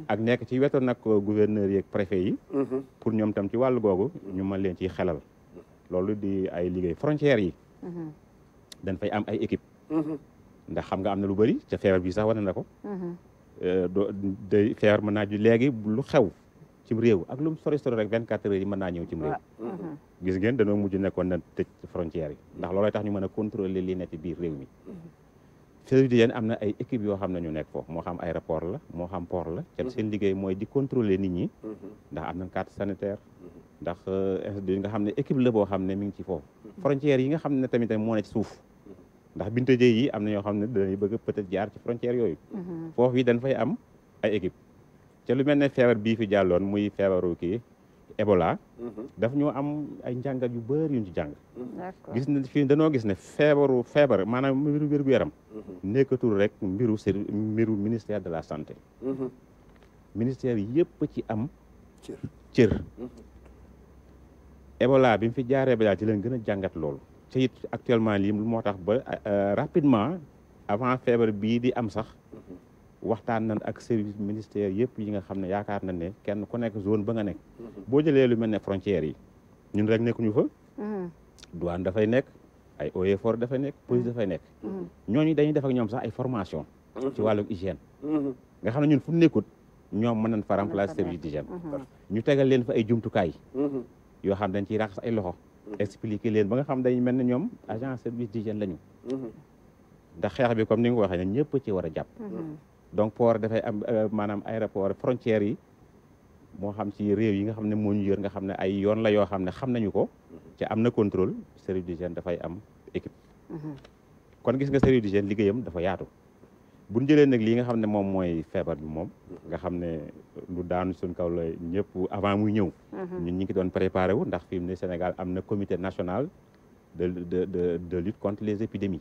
ak nekk ci wetu nag euh, gouverneur yeeg préfet yi mm-hmm. pour ñoom tam ci wàllu googu ñu mën leen ciy xelal loolu di ay liggéey frontières yi mm-hmm. dañ fay am ay équipe mm-hmm. ndax xam nga am na lu bëri ca feebar bi sax wane na ko euh, do day ma mën naa ju léegi cim réew ak lu mu sori sori rek 24 heures yi mën naa ñëw cim réew ah. mm-hmm. Mm-hmm. gis ngeen dañoo mujj nekkoon na tëj frontières yi ndax loolay tax ñu mën a contrôler li nekk ci biir réew mi mm-hmm. service d'hygiène am na ay équipe yoo xam ne ñu nekk foofu moo xam aéroport la moo xam port la ca seen liggéey mooy di contrôler nit ñi ndax am na carte sanitaire ndax euh, institut nga xam ne équipe la boo xam ne mi ngi ci foofu frontières yi nga xam ne tamit moo ne suuf ndax binte jëy yi am na ñoo xam ne dañuy bëgg peut-être jaar ci frontières yooyu ca lu mel ne feebar bi fi jàlloon muy feebaru kii ébola mhm. daf ñu am ay njàngat yu bëri yuñ ci jàng. gis na fii danoo gis ne feebaru feebar maanaam mbiru wér yaram. Mhm. nekkatul rek mbiru ser mbiru ministère de la santé. Mhm. ministère yëpp ci am. cër cër. Ebola bi mu fi jaaree ba daal ci leen gën a jàngat loolu. ci it actuellement lii moo tax ba euh, rapidement avant feebar bii di am sax. waxtaan nañ ak service ministère yëpp yi nga xam ne yaakaar nañ ne kenn ku nekk zone ba nga nekk. boo jëlee lu mel ne frontières yi ñun rek nekkuñu fa. Hmm. douane dafay nekk ay eaux for forêts dafay nekk police dafay nekk. Hmm. ñooñu dañuy def ak ñoom sax ay formation ci hmm. wàllu hygiène. nga xam ne ñun fu nekkut ñoom mën nañ fa remplacer service d'hygiène. ñu tegal leen fa ay jumtukaay. yoo xam dañ ciy raxas ay loxo. expliqué leen ba nga xam dañu mel ne ñoom agent service d'hygiène lañu. ndax xeex bi comme ni nga waxee ne ñëpp ci war a jàpp. donc port dafay am euh, maanaam aéroport frontière yi moo xam ci réew yi nga xamné mo ñu yeur nga xamné ay yoon la yo xamné ne xam nañu ko ci mhm. amna contrôle service d'hygiène dafay am équipe mhm. kon gis nga service d'hygiène liggéeyam dafa yaatu buñu jëlé nak li nga xamné mom moy fièvre bi mom mhm. nga xamné ne lu daanu sun kaw la ñëpp avant muy ñëw ñun ñi ngi doon préparer wu ndax fi mu Sénégal amna comité national de de de de lutte contre les épidémies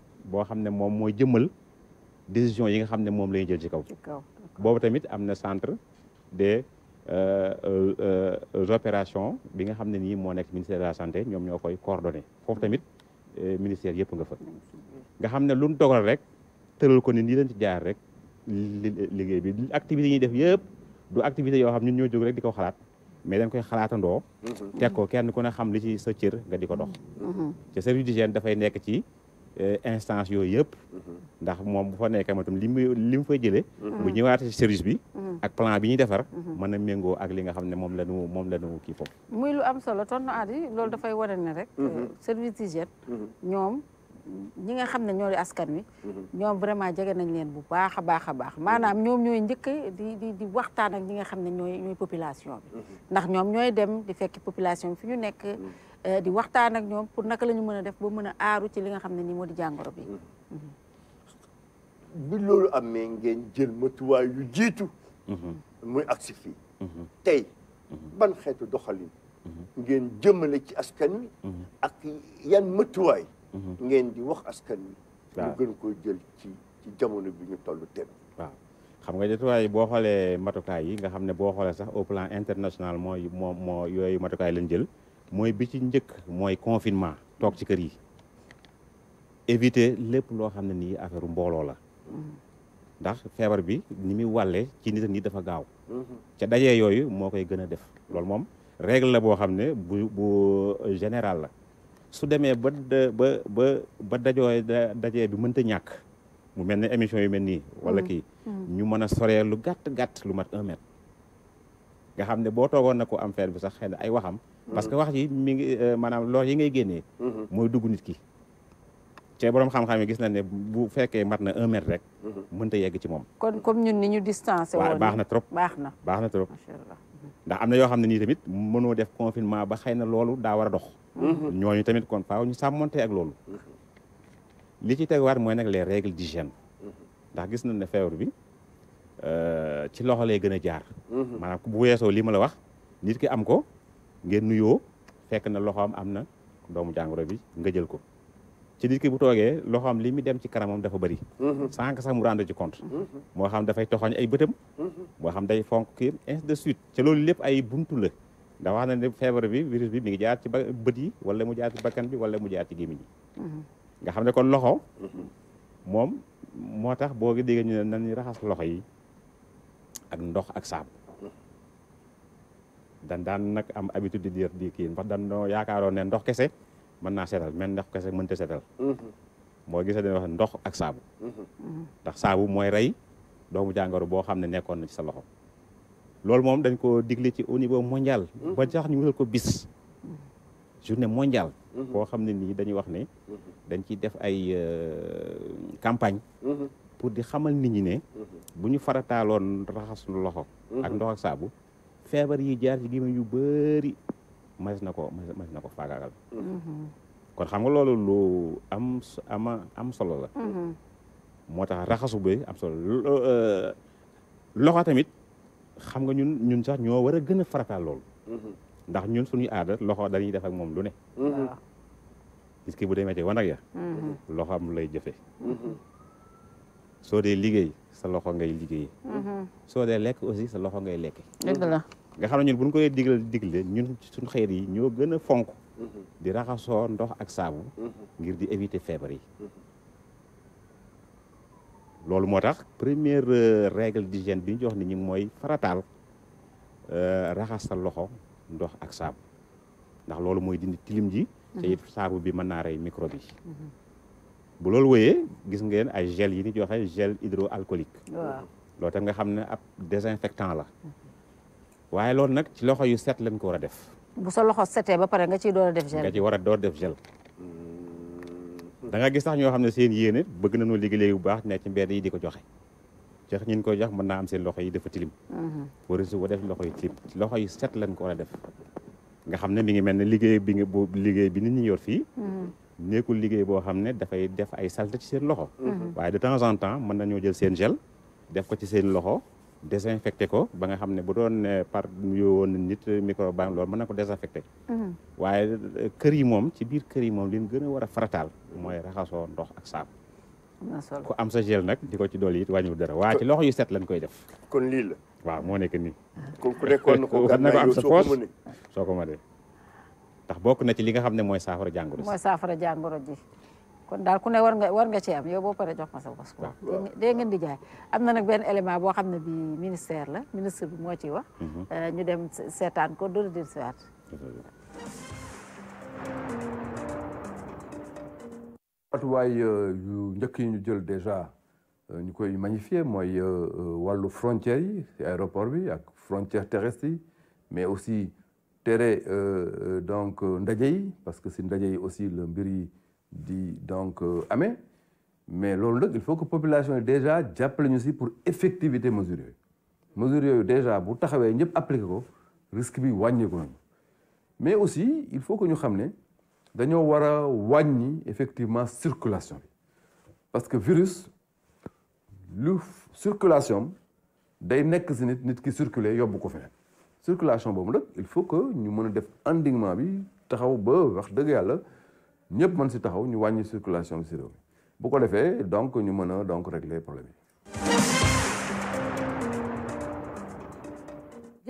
boo xam ne moom mooy jëmmal décision yi nga xam ne moom la jël ci kaw boobu tamit am na centre des euh, euh, euh, opérations bi nga xam ne nii moo nekk ministère de la santé ñoom ñoo koy coordonné foofu mm-hmm. tamit ministère yëpp nga fa nga xam ne lu mu dogal rek tëral ko ni nii lañ ci jaar rek liggéey bi activité yi ñuy def yëpp du activité yoo xam ñun ñoo jóg rek di ko xalaat mais dañ koy xalaatandoo mm-hmm. teg ko kenn ku ne xam li ci sa cër nga di ko dox ca mm-hmm. service dafay nekk ci Euh, instance yooyu yëpp mm-hmm. ndax moom bu fa nekkee moom tam li mu li mu fa jëlee mm-hmm. bu ñëwaatee ci service bi mm-hmm. ak plan bi ñuy defar mën a méngoo ak li nga xam ne moom la nu moom la nu kii foofu muy lu am solo tonton Hady loolu dafay wane ne rek euh, service d'hygiène ñoom ñi nga xam ne ñoo askan wi ñoom vraiment jege nañ leen bu baax a baax a baax maanaam ñoom ñooy njëkk di di waxtaan ak ñi nga xam ne ñooy ñooy population bi ndax ñoom ñooy dem di fekk population bi fi ñu nekk Euh, di waxtaan ak ñoom pour naka la ñu mën a def ba mën aaru ci li nga xam ne nii moo di jàngoro bi. bi loolu amee ngeen jël matuwaay yu jiitu. muy agsi fii. tey ban xeetu doxalin. ngeen jëmale ci askan wi. ak yan matuwaay. ngeen di wax askan wi. waaw ñu gën koo jël ci ci jamono bi ñu toll tem waaw xam nga jatuwaay boo xoolee matukaay yi nga xam ne boo xoolee sax au plan international mooy moo moo yooyu matukaay lañ jël. moy bi ci ñëk moy confinement tok ci kër yi éviter lépp lo xamné ni nii affaire mbooloo la ndax fièvre bi ni mi walé ci nit ak dafa gaaw ca dajé yooyu mo koy gëna def lool mom règle la bo xamné bu bu général la su démé ba ba ba ba dajoo dajee bi mënta ñak mu melni émission yu melni wala mm. ki mm. ñu mëna soré lu gatt gatt lu mat 1 mètre nga xam ne boo toogoon na ko am feer bi sax xëy na ay waxam parce que wax ji mi ngi euh, maanaam lor yi ngay génne mm-hmm. mooy dugg nit ki te borom xam-xam yi gis na ne bu fekkee mat na un mètre rek mm-hmm. mënta yegg ci moom kon comme ñun ni ñu distancé woon baax na trop baax baax na trop mm-hmm. ndax am na yoo xam ne nii tamit mënoo def confinement ba xëy na loolu daa war a dox ñooñu tamit kon faaw ñu te ak loolu li ci teg tegawaat mooy nag les règles d'hygiène ndax gis nañ ne feebar bi Euh, ci loxo lay gën a jaar. Mhm. maanaam bu weesoo lii ma la wax nit ki am ko ngeen nuyoo fekk na loxoom am na doomu jàngoro bi nga jël ko ci nit ki bu toogee loxoom li mi dem ci kanamam dafa bëri. Mhm. sànq sax mu rendre ci compte. Mhm. moo xam dafay toxoñ ay bëtam. moo xam day fonk kii ainsi loolu lépp ay buntu la ndax wax na ne feebar bi virus bi mi ngi jaar ci bët yi wala mu jaar ci bakkan bi wala mu jaar ci gémmiñ nga xam ne kon loxo. moom moo tax boo déggee ñu ne nan ñu raxas loxo yi. ak ndox ak sam dan dan nak am habitude di diir di kin ndax dan noo yaakaaroon ne ndox kese mën naa seetal ndox kese setal mo gi sa dañuy wax ndox ak sam ndax sabu moy ray doomu jàngoro boo xam ne nekkoon na ci sa loxo lol mom dañ ko digle ci au niveau mondial ba sax ñu wul ko bis journée mondiale ko xamne ni dañuy wax ne dañ ci def ay euh, campagne mhm. pour di xamal nit ñi ne buñu ñu raxas lu loxo. Mm-hmm. ak ndox ak sabu feebar yi jaar ci gémmiñ yu beuri mas nako mas na mm-hmm. kon xam nga lolu lu am ama am solo la. Mm-hmm. motax raxasu be am solo euh, loxo tamit xam nga ñun ñun sax ño wara a farata lool ndax ñun suñu aada loxo dañuy def ak mom lu ne. gis ki bu ya. loxo am lay soo dee liggéey sa loxo ngay liggéey mhm. soo dee lekk aussi sa loxo ngay lekk dëgg la nga xam ne ñun bu ñu koy digg digle ñun suñu xeet yi ñoo gën a fonk mhm. di raxasoo ndox ak saabu mhm. ngir di éviter feebar yi loolu moo tax première euh, règle d'hygiène bi jox nit ñi mooy farataal euh, raxas sa loxo ndox ak saabu ndax loolu mooy dindi tilim ji te saabu bi mën naa rey microbe yi bu loolu wëyee gis ngeen ay gel yi ni joxe gel hydroalcoolique loolu tam nga xam ne ab désinfectant la waaye loolu nag ci loxo yu set lañ ko war a def bu sa loxo setee ba pare nga ciy door def gel nga war a door def gel da gis sax ñoo xam ne seen yéene bëgg nañoo liggéey léegi bu baax ne ci mbedd yi di ko joxe jox ñin koy jox mën naa am seen loxo yi dafa tilim war mhm. su ba def loxo yi tilim ci loxo yi set lañ ko war a def nga xam ne mi ngi mel ne liggéey bi nga liggéey bi nit ñi yor fii mhm. nekkul liggéey boo xam ne dafay def ay salte ci seen loxo mhm. Mhm. waaye de temps en temps mën nañoo jël seen gel def ko ci seen loxo désinfecté ko ba nga xam ne bu doon par yoo woon nit microbe baa loolu mën na ko désinfecté mhm. waaye euh, kër yi moom ci biir kër yi moom li ñu gën a war a farataal mooy raxasoo ndox ak saabu ku am sa gel nag di ko ci dolli it wàññiwul dara waaye ci loxo yi set lañ koy def kon lii la waaw moo nekk nii kon ko am sa poos soo ko mënee ndax bokk na ci li nga xam ne mooy saafara jàngoro ji. mooy kon daal ku ne war nga war nga ci am yow boo paree jox ma sa bos. waaw dee ngeen di jaay am na nag benn élément boo xam ne bii ministère la ministre moo ciy wax. Mhm. Euh, ñu dem seetaan ko dóor di siwaat. matuwaay euh, yu njëkk yi ñu jël déjà euh, ñu koy magnifier mooy wàllu frontière yi aéroport bi ak frontière terrestre yi mais aussi Terre euh, euh, donc euh, ndaje parce que c'est ndaje aussi le mbiri dit di donc amé mais loolu il faut que population déjà jàppale ñu pour effectivité mesures Mesure mesures déjà bu taxawé ñep appliquer ko risque bi wañé ko mais aussi il faut que ñu xamné ne wara wañi effectivement circulation parce que virus le circulation day nek si nit nit ki circuler yóbbu ko feneen circulation bobu nak il faut que ñu mëna def endingment bi taxaw ba wax deug yalla ñepp man ci taxaw ñu wañi circulation bi si réew bu ko defé donc ñu mëna donc régler problème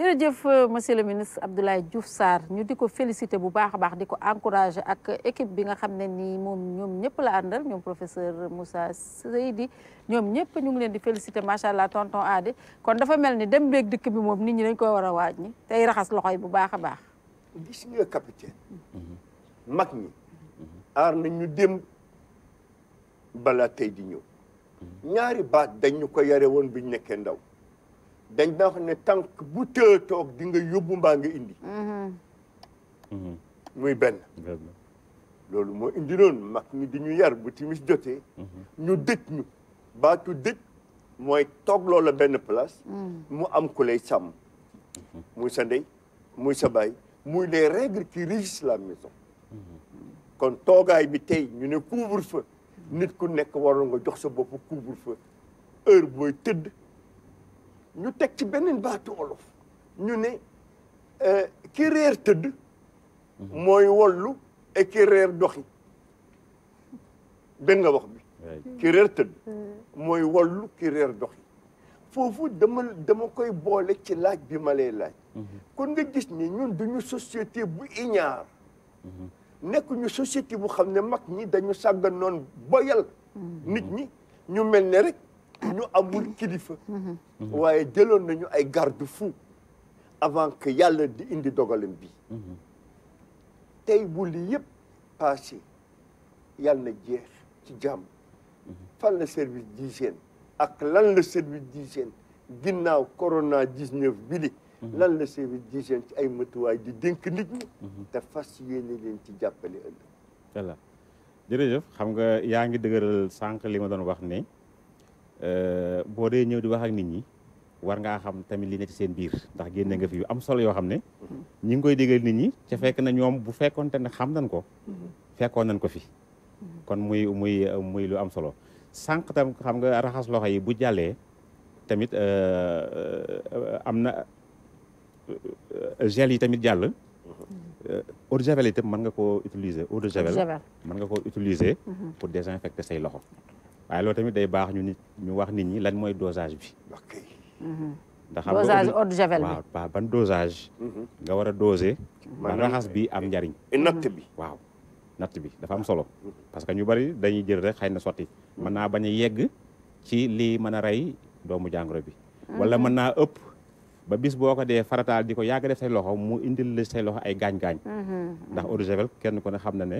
jërëjëf euh, monsieur le ministre Abdoulaye Diouf Sarr ñu di ko félicité bu baax a baax di ko encouragé ak équipe bi nga xam ne nii moom ñoom ñëpp la àndal ñoom professeur Moussa Seydi ñoom ñëpp ñu ngi leen di félicité macha allah tonton Adé kon dafa mel ni dem beeg dikk bi moom nit ñi dañ ko war a waañ tey raxas loxoy bu baax a baax. gis nga capitaine. mag ñi. aar nañ ñu dem balaa tey di ñëw. ñaari baat dañ ñu ko yare woon ñu nekkee ndaw. dañ da ne tànk bu tee toog dinga yóbbu mbaa nga indi mhm. Mhm. muy benn loolu moo indi noonu mag ñi di ñu yar bu timis jotee mhm. ñu dëj ñu baatu dëj mooy toog loola benn place mu am ku lay sàmm muy sa ndey muy sa baay muy les règles qui régissent la maison kon toogaay bi tey ñu ne couvre-feu nit ku nekk waroon nga jox sa bopp couvre-feu heure booy tëdd ñu teg ci benn baatu olof ñu ne euh, ki réer tëdd mooy wollu et ki réer doxi dégg nga wax bi ki réer tëdd mm. mooy wollu ki réer doxi foofu dama dama koy boole ci laaj bi ma lay laaj mm-hmm. kon nga gis ni ñun duñu societé bu iñaar mm-hmm. nekk ñu société bu xam ne mag ñi dañu sàggan noon boyal mm-hmm. nit ñi ñu mel ne rek ñu amul kilifa. Mhm. Mhm. waaye djelon nañu ay garde fou avant que yalla di indi dogalam bi mhm. tey bu lii yëpp passé yalla na jeex ci jàmm. fan la service d'hygiène ak lan la service d'hygiène ginnaaw corona 19 bi li lan la service d'hygiène ci ay matuwaay di denk nit ñi. te fas yéene leen ci jàppale ëllëg. voilà jërëjëf xam nga yaangi ngi sank li ma doon wax ni Euh, boo dee ñëw di wax ak nit ñi war ngaa xam tamit li ne ci seen biir ndax génne nga fi yu am solo yoo xam ne mm-hmm. ñi ngi koy digal nit ñi ca fekk na ñoom bu fekkoonte ne xam nañ ko mm-hmm. fekkoon nañ ko fi mm-hmm. kon muy muy muy lu am solo sànq tam xam nga raxas loxo yi bu jàllee tamit euh, euh, am na gel yi tamit jàll eau de javel itam mën nga koo utiliser eau de javel mën nga koo utiliser pour désinfecter say loxo waaye loolu tamit day baax ñu nit ñu wax nit ñi lan mooy dosage bi. ndax am nga dosage eau de javel bi waaw ban dosage. Mhm. nga war a doser. ba bi am njariñ. Mhm. natt bi waaw natt bi dafa am solo. Mhm. parce que ñu bari dañuy jël rek xay na sotti. mën naa bañ a yegg ci lii mën a rey doomu jàngoro bi. wala mën naa ëpp ba bis boo ko dee farataal di ko yàgg def say loxo mu indil la say loxo ay gaañ-gaañ. ndax eau de javel kenn ku xam na ne.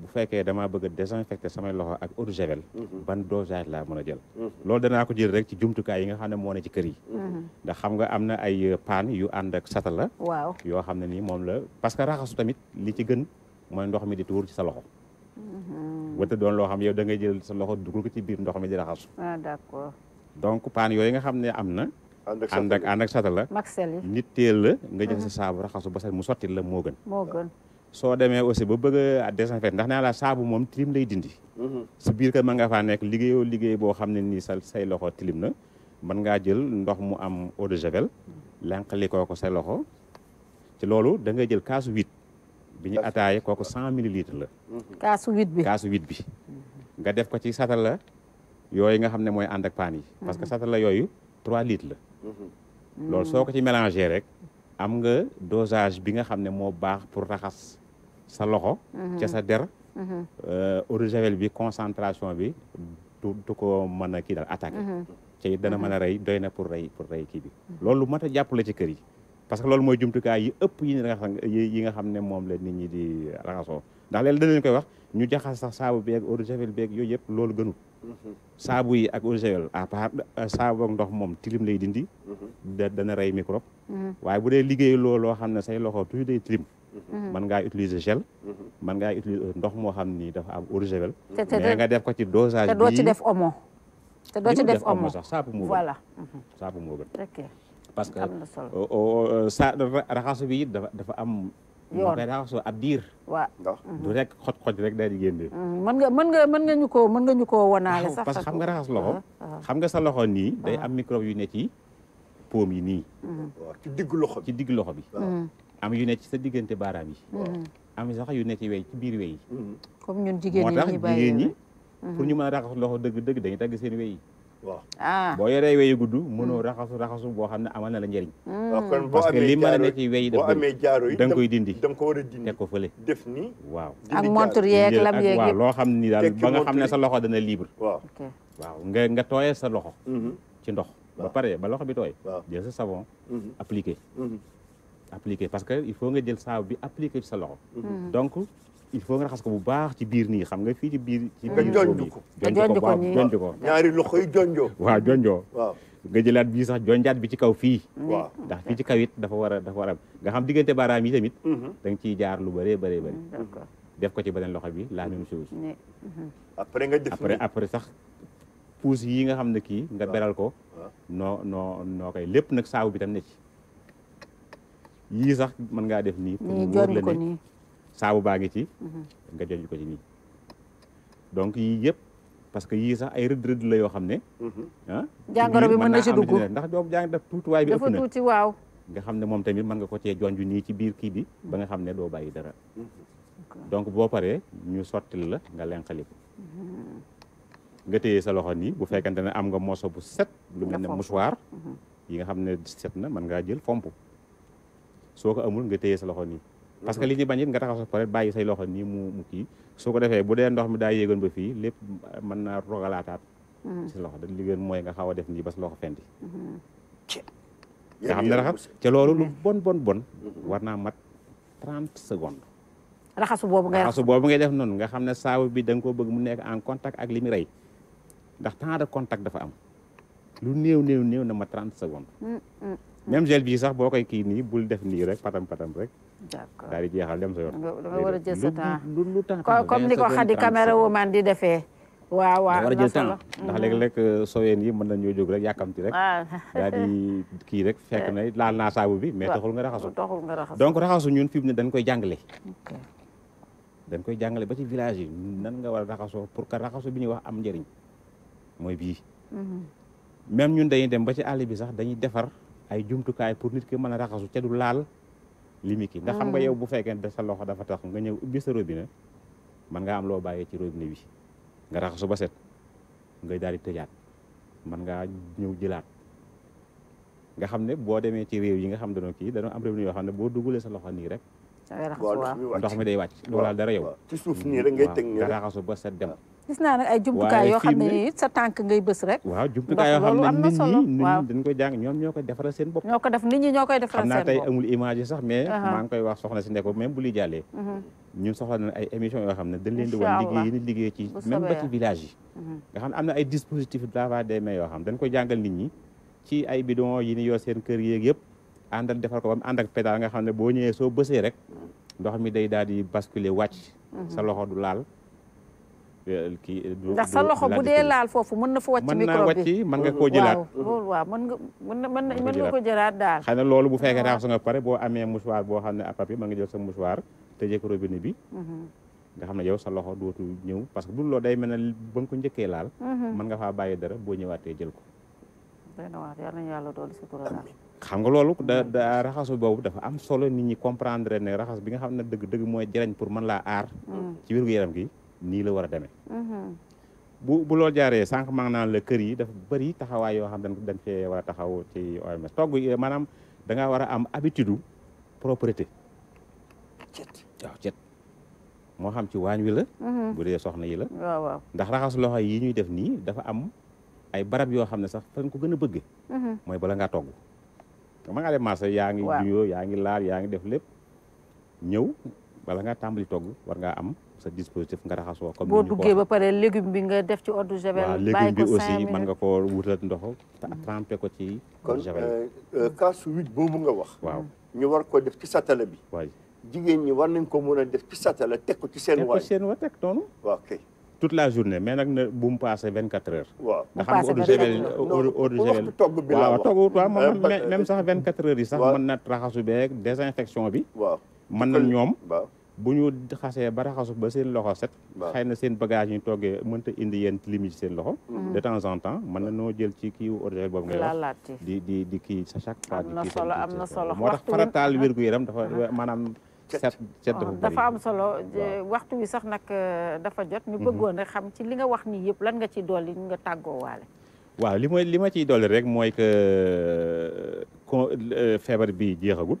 bu fekke dama bëgg a désinfecter samay loxo ak eau de javel mhm. ban dosage la mëna jël mhm. lool dana ko jël rek ci jumtu kay yi nga xamne mo ne ci kër yi mhm. ndax xam nga amna ay euh, pan yu and ak satala waaw yo xamne ni mom la parce que raxasu tamit li ci gën moy ndox mi di tour ci sa loxo wante doon lo xam yow da ngay jël sa loxo duggal ko ci biir ndox mi di raxasu ah d'accord donc pan yoy nga xamne amna am na ànd ak ànd ak satala nit teel nga jël sa sabu raxasu ba sa mu sotti la mo gën mo gën soo demee aussi ba bëgg a désinfecté ndax nee la saabu moom tilim lay dindi mhm. si biir kër nga faa nekk liggéeyoo liggéey bo xam ne ni sa say loxo tilim na mën ngaa jël ndox mu am eau de javel lànqali kooku say loxo loolu da ngay jël kaasu huit bi ñu ataaye kooku cent millilitres la mhm. kaasu bi kaasu bi mhm. nga def ko ci satala yooyu nga xam ne mooy ànd ak paan yi parce que satala yooyu trois litres la soo ko ci mélangé rek am nga dosage bi nga xam ne moo baax pour raxas sa loxo mhm. ca sa der eau de javel bi concentration bi du ko mën a kii daal attaqué mhm. te it dana mhm. mën a rey doy na pour rey pour rey kii bi loolu mat a jàppale ci kër yi parce que loolu mooy jumtukaay yi ëpp yi nga xam yi nga xam ne moom la nit ñi di raxasoo ndax léeg-léeg danañ koy wax ñu jaxas sax saabu beeg eau de javel beeg yooyu yëpp loolu gënul saabu yi ak eau javel à part euh, ndox moom tilim lay dindi dana rey microbe waaye bu dee liggéey loolu xam ne say loxo toujours Mm-hmm. mën ngaa utiliser gel mm-hmm. mën ngaa utiliser ndox moo xam ni dafa am eau de javel nga def ko ci dosage bi doo ci def omo te doo ci def omo sax saabu moo gën mm-hmm. saabu moo gën parce que sa raxasu bi dafa dafa am yoon day raxasu ab diir waaw du rek xoj-xoj rek daal di génne nga mën nga mën nga ñu ko mën ñu ko wanaale sax parce que xam nga raxas loxo ah, ah. xam nga sa loxo nii day ah. am microbe yu ne ci poom yi nii ci digg ci digg loxo bi am yu ne ci sa diggante baaraam yi. Mm-hmm. am sax yu ne ci wey ci biir wey. comme ñun jigéen ñi ñuy bàyyi moo tax jigéen ñi. Mm-hmm. ñu mën a raxas dëgg dëgg dañuy tagg seen wey yi. waaw ah. boo yoree wey yu gudd mënoo mm-hmm. raxasu raxasu boo xam ne amal na la njëriñ. kon parce que li mën a ne ci wey da nga koy dindi da nga a teg ko fële. def nii waaw. ak montre yeeg lam yeeg waaw loo xam ni daal ba nga xam ne sa loxo dana libre. waaw waaw nga nga tooyee sa loxo. ci ndox ba pare ba loxo bi tooy. jël sa savon appliqué. appliquer parce que il faut nga jël saabu bi appliquer ci sa loxo mm-hmm. donc il faut nga raxas ko bu baax ci biir nii xam nga fii ci biir ci mm-hmm. biir jonj ko jonj ko jonj ko ñaari loxo yi jonjoo waaw nga jëlaat bii sax jonjaat bi ci kaw fii mm-hmm. ndax fii ci kaw dafa war a dafa war nga xam diggante baaraam yi tamit da nga ciy jaar lu bëree bëree bëri def ko ci beneen loxo bi la même chose après nga def après après sax pousse yi nga xam ne kii nga beral ko noo noo noo koy lépp nag saabu bi tam ne ci yii sax mën ngaa def nii pour mu wóor la ne saabu baa ngi ci mhm. nga jojj ko ci nii donc yii yëpp parce que yii sax ay rëdd rëdd la yoo xam ne mhm. ah jàngoro bi mën na ci dugg ndax doomu jàng daf tuutiwaay bi ëpp na dafa tuuti waaw nga xam ne moom tamit mën nga ko cee jonju nii ci biir kii bi ba nga xam ne doo bàyyi dara donc boo paree ñu sotti la nga lenqali ko mhm. nga téye sa loxo nii bu fekkente ne am nga morceau bu set lu mel ne mouchoir yi nga xam ne set na mën ngaa jël fomp soo ko amul nga téye sa loxo nii parce que li ñu bañ it nga taxaw sa peut-être bàyyi say loxo nii mu kii soo ko defee bu dee ndox mi daa yéegoon ba fii lépp mën naa rogalaataat mm-hmm. loxo da li gën mooy nga xaw a def nii ba sa loxo fendi mm-hmm. xam ne raxas ca loolu lu bon bon bon mm-hmm. war naa mat trente secondes raxasu boobu ngay raxasu boobu ngay def noonu nga xam ne saabu bi danga nga bëgg mu nekk en contact ak li mu rey ndax temps de contact dafa am lu néew néew néew na ma trente secondes même gel bi sax bokay ki ni bul def ni rek patam patam rek. d'accord dari jeexal dem sa yoon. nga war jël sa temps comme niko xadi caméra wu man di defé waaw waaw war a jël temps ndax léeg-léeg euh, soyen yi man nañu jog rek yakamti rek. daal di kii rek fekk na laal naa saabu bi mais taxul nga raxasu. taxul nga raxasu donc raxasu ñun fi ne dañ koy jàngale. dañ koy jàngale ba ci village yi nan nga wara raxasu pour que raxasu bi ñuy wax am njëriñ mooy bii. Mhm. même ñun dañuy dem ba ci àll bi sax dañuy defar. ay jumtukaay pour nit ki mën a raxasu ca du laal limi ki ndax xam nga hmm. yow bu fekkee fekkente sa loxo dafa tax nga ñëw ibi sa robinet man nga am loo bàyyee ci robinet bi nga raxasu ba set nga daal di tëjaat man ngaa ñëw jëlaat nga xam ne boo ci réew yi xam dañoo kii dañoo am yoo xam ne boo dugalee sa loxo nii rek ndox mi day wàcc doo laal dara yow ci suuf nii rek ngay hmm. teg nga raxasu ba set dem gis naa ay jumtukaay yoo xam ne nii sa tànk ngay bës rek waaw jumtukaay nit ñi dañ koy jàng ñoom ñoo koy defaral seen bopp ñoo ko def nit ñi ñoo koy defaral seen bopp xam naa tey amul image sax mais uh-huh. maa koy wax soxna si ne ko même bu li jàllee uh-huh. ñun soxla na ay émission yoo xam ne dañ leen di wan liggéey yi liggéey ci même ba ci village uh-huh. nga xam ne am na ay dispositifs de lavage des mains yoo xam dañ koy jàngal nit ñi ci ay bidon yi ni yoo seen kër yéeg yëpp àndal defar ko ba mu ànd ak nga xam ne boo ñëwee soo bësee rek ndox mi day daal di basculer wàcc sa loxo du laal kii. Eh, ndax sa loxo bu dee laal foofu mën na fa wàcc. microbe bi mën naa koo jëlaat. loolu waaw nga mën na mën nga ko jëlaat daal. xëy loolu bu fekkee raxasu nga pare boo amee mouchoir boo xam ne à papier mën nga sa mouchoir tëjee ko robinet bi. Mhm. nga xam ne yow sa loxo dootu ñëw parce que bu loolu day ba nga ko njëkkee laal. Mhm. mën nga faa bàyyi dara boo ñëwaatee jël ko. xam nga loolu da mhm. da raxasu boobu dafa am solo nit ñi comprendre ne raxas bi nga xam ne dëgg dëgg mooy jëriñ pour mën laa aar. ci wér gu yaram gi nii la war a demee. Mm-hmm. bu bu loolu jaaree sànq maa ngi la kër yi dafa bëri taxawaay yoo xam dañ dañ fee war a taxaw ci OMS togg yi maanaam da war a am habitude propreté. cet xam ci waañ wi la. Mm-hmm. bu dee soxna yi la. ndax raxas loxo yi ñuy def nii dafa am ay barab yoo xam ne sax fan ko gën a bëgg. Mm-hmm. mooy bala ngaa togg. ma nga dem marché yaa ngi. waaw yaa ngi laal yaa ngi def lépp ñëw. bala nga tàmbali togg war ngaa am sa dispositif nga raxasoo comme boo duggee ba pare légume bi nga def ci eau de javel waaw légume bi aussi mën nga koo wutal ndox trempé ko ci kon euh, euh, kaasu huit boobu nga wax waaw ñu war ko def ci satala bi waay jigéen ñi war nañ ko mën a def ci satala teg ko ci seen waay wa teg noonu waaw kay toute la journée mais nag na bu mu passé vingt quatre heures waaw nga xam eau de javel eau de javel bi waaw togg waaw moom euh, même vingt quatre heures yi sax mën na raxasu beeg bi waaw mën na ñoom bu ñu xasee ba raxasu ba seen loxo set xëy na seen bagage ñu toggee mënta indi yenn tilim yi seen loxo mm-hmm. de temps en temps mën na noo jël ci kii orgel boobu nga wax di di di kii sa chaque fois di kii solo am na solo moo tax farataal ah. wér-gu-yaram dafa ah. maanaam set set ah, dafa dafa am solo waxtu wi sax nag euh, dafa jot ñu mm-hmm. bëggoon rek xam ci li nga wax nii yëpp lan nga ci dolli nga tàggoo waaw li ma li ma ciy dolli rek mooy que euh, euh, feebar bi jeexagul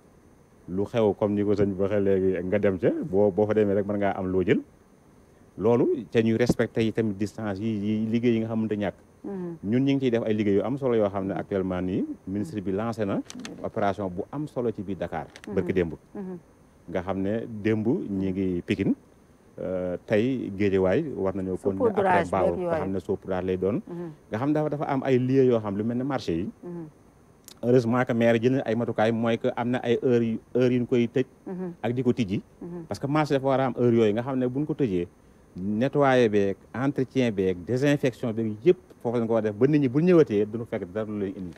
lu xew comme ni ko sëñ bi waxee léegi nga dem ca boo boo fa demee rek mën ngaa am loo jël loolu te ñu respecté yi tamit distance yi yi liggéey yi nga xamante ñàkk mm-hmm. ñun ñu ngi ciy def ay liggéey yu am solo yoo xam ne mm-hmm. actuellement nii ministre bi lancé na opération bu am solo ci biir Dakar mm-hmm. bërki démb nga xam ne démb ñi ngi Pikine euh, tey géejewaay war nañoo continuer après baaw nga xam ne saupoudrage lay doon nga xam dafa dafa am ay lieux yoo xam lu mel ne marché yi heureusement que maire jël na ay matukaay mooy que am na ay heures koy tëj. Mhm. ak di ko tijji. Mhm. parce que marché dafa war a yooyu nga xam ne bu ñu ko tëjee nettoyer beeg entretien beeg désinfection beeg yëpp foofu lañ ko war def ba nit ñi bu ñëwatee duñu fekk dara lu lay indi.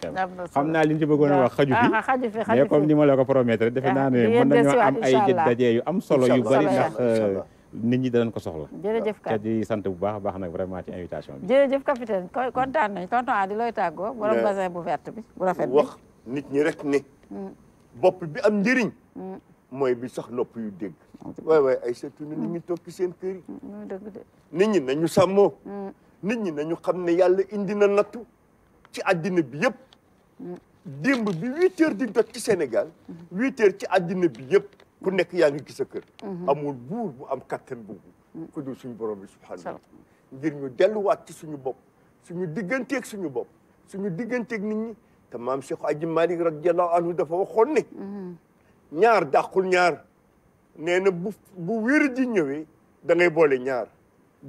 xam naa li ñu ci bëggoon a wax xaju fi ah, ah, mais comme ni ma la ko promettre defe ah, naa yu am solo yu bari ndax. nit ñi danañ ko soxla. jërëjëf kat di sant bu baax baax nag vraiment ci invitation bi. jërëjëf capitaine kontaan nañ tonton Adi looy tàggoo. borom basin bu verte bi bu rafet wax nit ñi rekk ne. Hmm. bopp bi am njëriñ. Hmm. mooy bi sax nopp yu dégg. waay ay seetu nit ñi toog ci seen kër hmm, nit ñi nañu sàmmoo. nit ñi nañu xam ne yàlla indi na nattu ci àddina bi yëpp. démb bi huit heures di ci Sénégal. huit heures ci àddina bi yëpp. ku nek yaa ngi gis sa kër mhm. amul bour bu am katan bu mhm. ku dul suñu borom bi subhaanahu wa taala ngir ñu wat ci suñu bop suñu ak suñu bop suñu ak nit ñi ta maam Cheikh Aji Malik radiyallahu anhu dafa waxon ne mhm. ñaar daxul ñaar neena bu wër di ñëwé da ngay bolé ñaar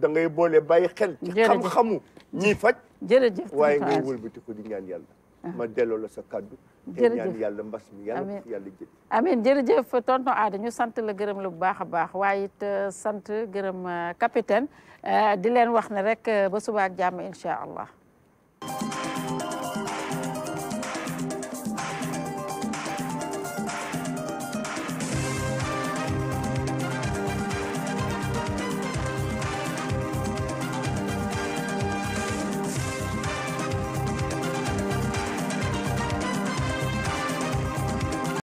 da ngay bolé bàyyi xel ci xam-xamu ñiy faj jërëjëf waaye ngay wëlbati ko di ñaan yalla ah. ma delo la sa kaddu jërëjëf ñaan yàlla mbas mi yàlla yàlla jël amiin jërëjëf tonton Aada ñu sant la gërëm la bu baax a baax waaye it euh, sant gërëm euh, capitaine euh, di leen wax ne rek ba suba ak jàmm incha allah